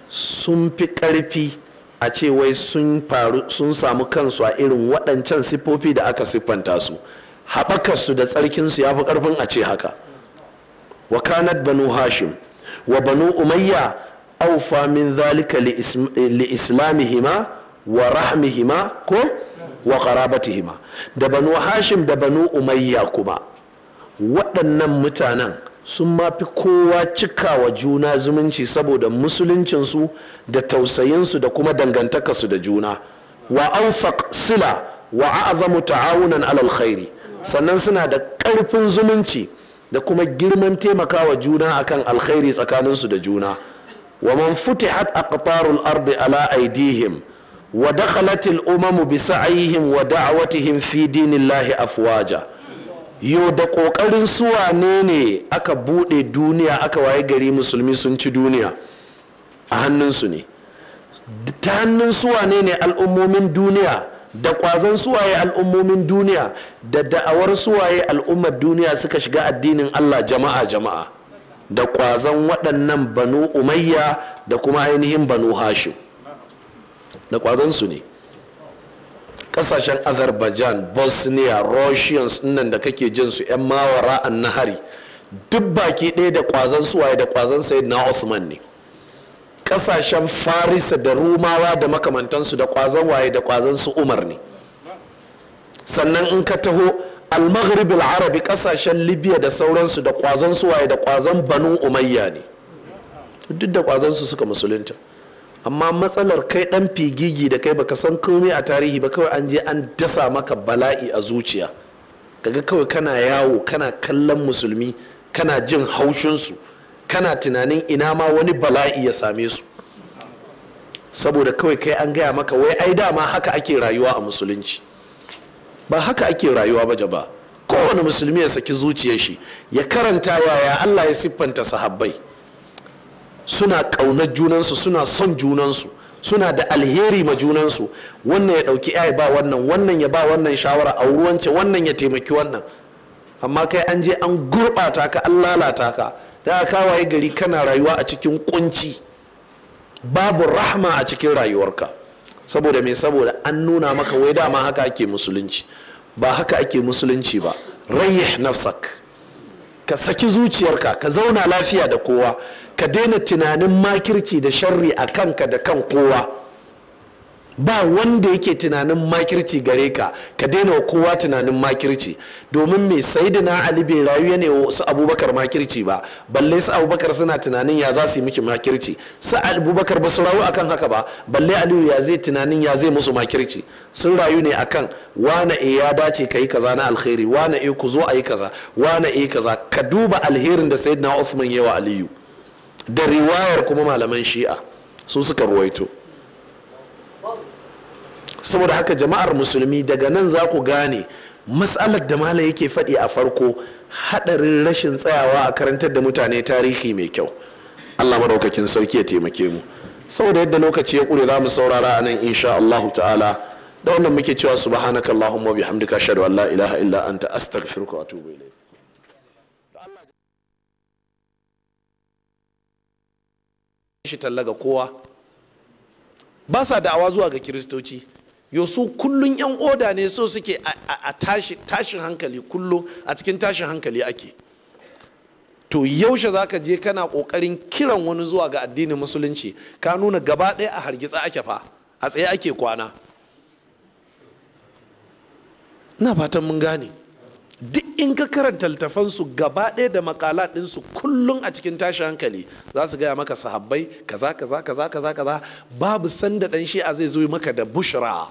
sun fi ƙarfi a ce wai sun faru sun samu kansu a irin waɗancan siffofi da aka siffanta su haɓakarsu da tsarkinsu ya fi ƙarfin a ce haka wa kanat banu hashim wa banu umayya aufa min zalika li islamihima wa rahmihima ko wa qarabatihima da banu hashim da banu umayya kuma waɗannan mutanen sun mafi kowa cika wa juna zumunci saboda musuluncinsu da tausayinsu da kuma dangantakarsu da juna wa an sila wa a'zamu ta'awunan alal khairi sannan suna da ƙarfin zumunci da kuma girman taimakawa juna akan alkhairi tsakaninsu da juna wa man futihat aqtarul ardi ala aidihim wa dakhalatil umamu bisa sa'ihim wa da'awatihim fi dinillahi afuwaja yo da kokarin su ne ne aka bude duniya aka waye gari musulmi sun ci duniya a hannunsu ne ta hannun su ne ne al'ummomin duniya da kwazon suwaye al'ummomin duniya da da'awar suwaye al'ummar duniya suka shiga addinin allah jama'a jama'a da kwazon waɗannan banu umayya da kuma ainihin banu hashim da ƙwazonsu ne kasashen azerbaijan bosnia russians nan da kake jin su 'yan mawara an nahari duk baki ɗaya da ƙwazon suwaye da kwazon sai na osman ne Kasashen farisa da rumawa da makamantansu da kwazon waye da kwazon su umar ne sannan in ka taho almaghrib maghrib arabi ƙasashen libya da sauransu da ƙwazon suwaye da kwazon banu umayya ne duk da kwazon su suka musulunta amma matsalar kai dan figigi da kai baka san komai a tarihi ba kawai an je an dasa maka bala'i a zuciya kaga kawai kana yawo kana kallon musulmi kana jin haushinsu kana tunanin ina ma wani bala'i ya same su saboda kawai kai an gaya maka wai ai dama haka ake rayuwa a musulunci ba haka ake rayuwa ba jaba kowane musulmi ya saki zuciyar shi ya karanta yaya allah ya siffanta sahabbai suna ƙaunar junansu suna son junansu suna da alheri ma junansu wannan ya ɗauki ya ba wannan wannan ya ba wannan shawara a ruwance wannan ya taimaki wannan amma kai an je an gurɓata ka an lalata ka da ka waye gari kana rayuwa a cikin kunci babu rahma a cikin rayuwarka saboda me saboda an nuna maka wai dama haka ake musulunci ba haka ake musulunci ba rayyih nafsak ka saki zuciyarka ka zauna lafiya da kowa ka daina tunanin makirci da sharri a kanka da kan kowa ba wanda yake tunanin makirci gare ka ka daina wa kowa tunanin makirci domin mai da na bai rayu ne wasu abubakar makirci ba balle su abubakar suna tunanin ya za su yi miki makirci su abubakar ba su rayu akan haka ba balle aliyu ya zai tunanin ya zai musu makirci sun rayu ne akan wane e ya dace ka yi kaza na alheri wane e ku zo a yi kaza wane e kaza ka duba alherin da sayidina usman yawa aliyu da riwayar kuma malaman shi'a su suka ruwaito saboda haka jama'ar musulmi daga nan za ku gane matsalar da mala yake faɗi a farko haɗarin rashin tsayawa a karantar da mutane tarihi mai kyau allah maɗaukakin sarki ya taimake mu saboda yadda lokaci ya ƙure za mu saurara a nan insha allahu ta'ala da wannan muke cewa subhanakallahumma bihamdika ashhadu an la ilaha illa anta astaghfiruka wa atubu ilayk shi talla ga kowa ba sa da'awa zuwa ga kiristoci yosu kullun yan oda ne so suke a tashin hankali kullum a cikin tashin hankali ake to yaushe za ka je kana kokarin kiran wani zuwa ga addinin musulunci ka nuna gaba ɗaya a hargitsa ake fa a tsaye ake kwana na fatan mun gane duk in ka karanta littafansu gaba ɗaya da makala ɗinsu kullum a cikin tashi hankali za su gaya maka sahabbai kaza kaza kaza kaza kaza babu sanda ɗan shi'a zai zo maka da bushra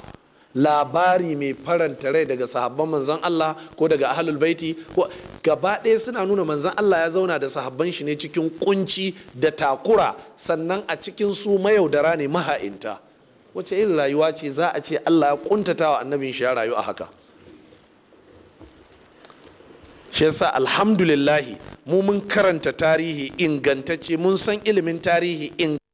labari mai faranta rai daga sahabban manzan Allah ko daga ahlul baiti ko gaba ɗaya suna nuna manzan Allah ya zauna da sahabban shi ne cikin kunci da takura sannan a cikin su mayaudara ne maha'inta wace irin rayuwa ce za a ce Allah ya ƙuntatawa Annabi annabin shi ya rayu a haka shi yasa alhamdulillahi mu mun karanta tarihi ingantacce mun san ilimin tarihi ingantacce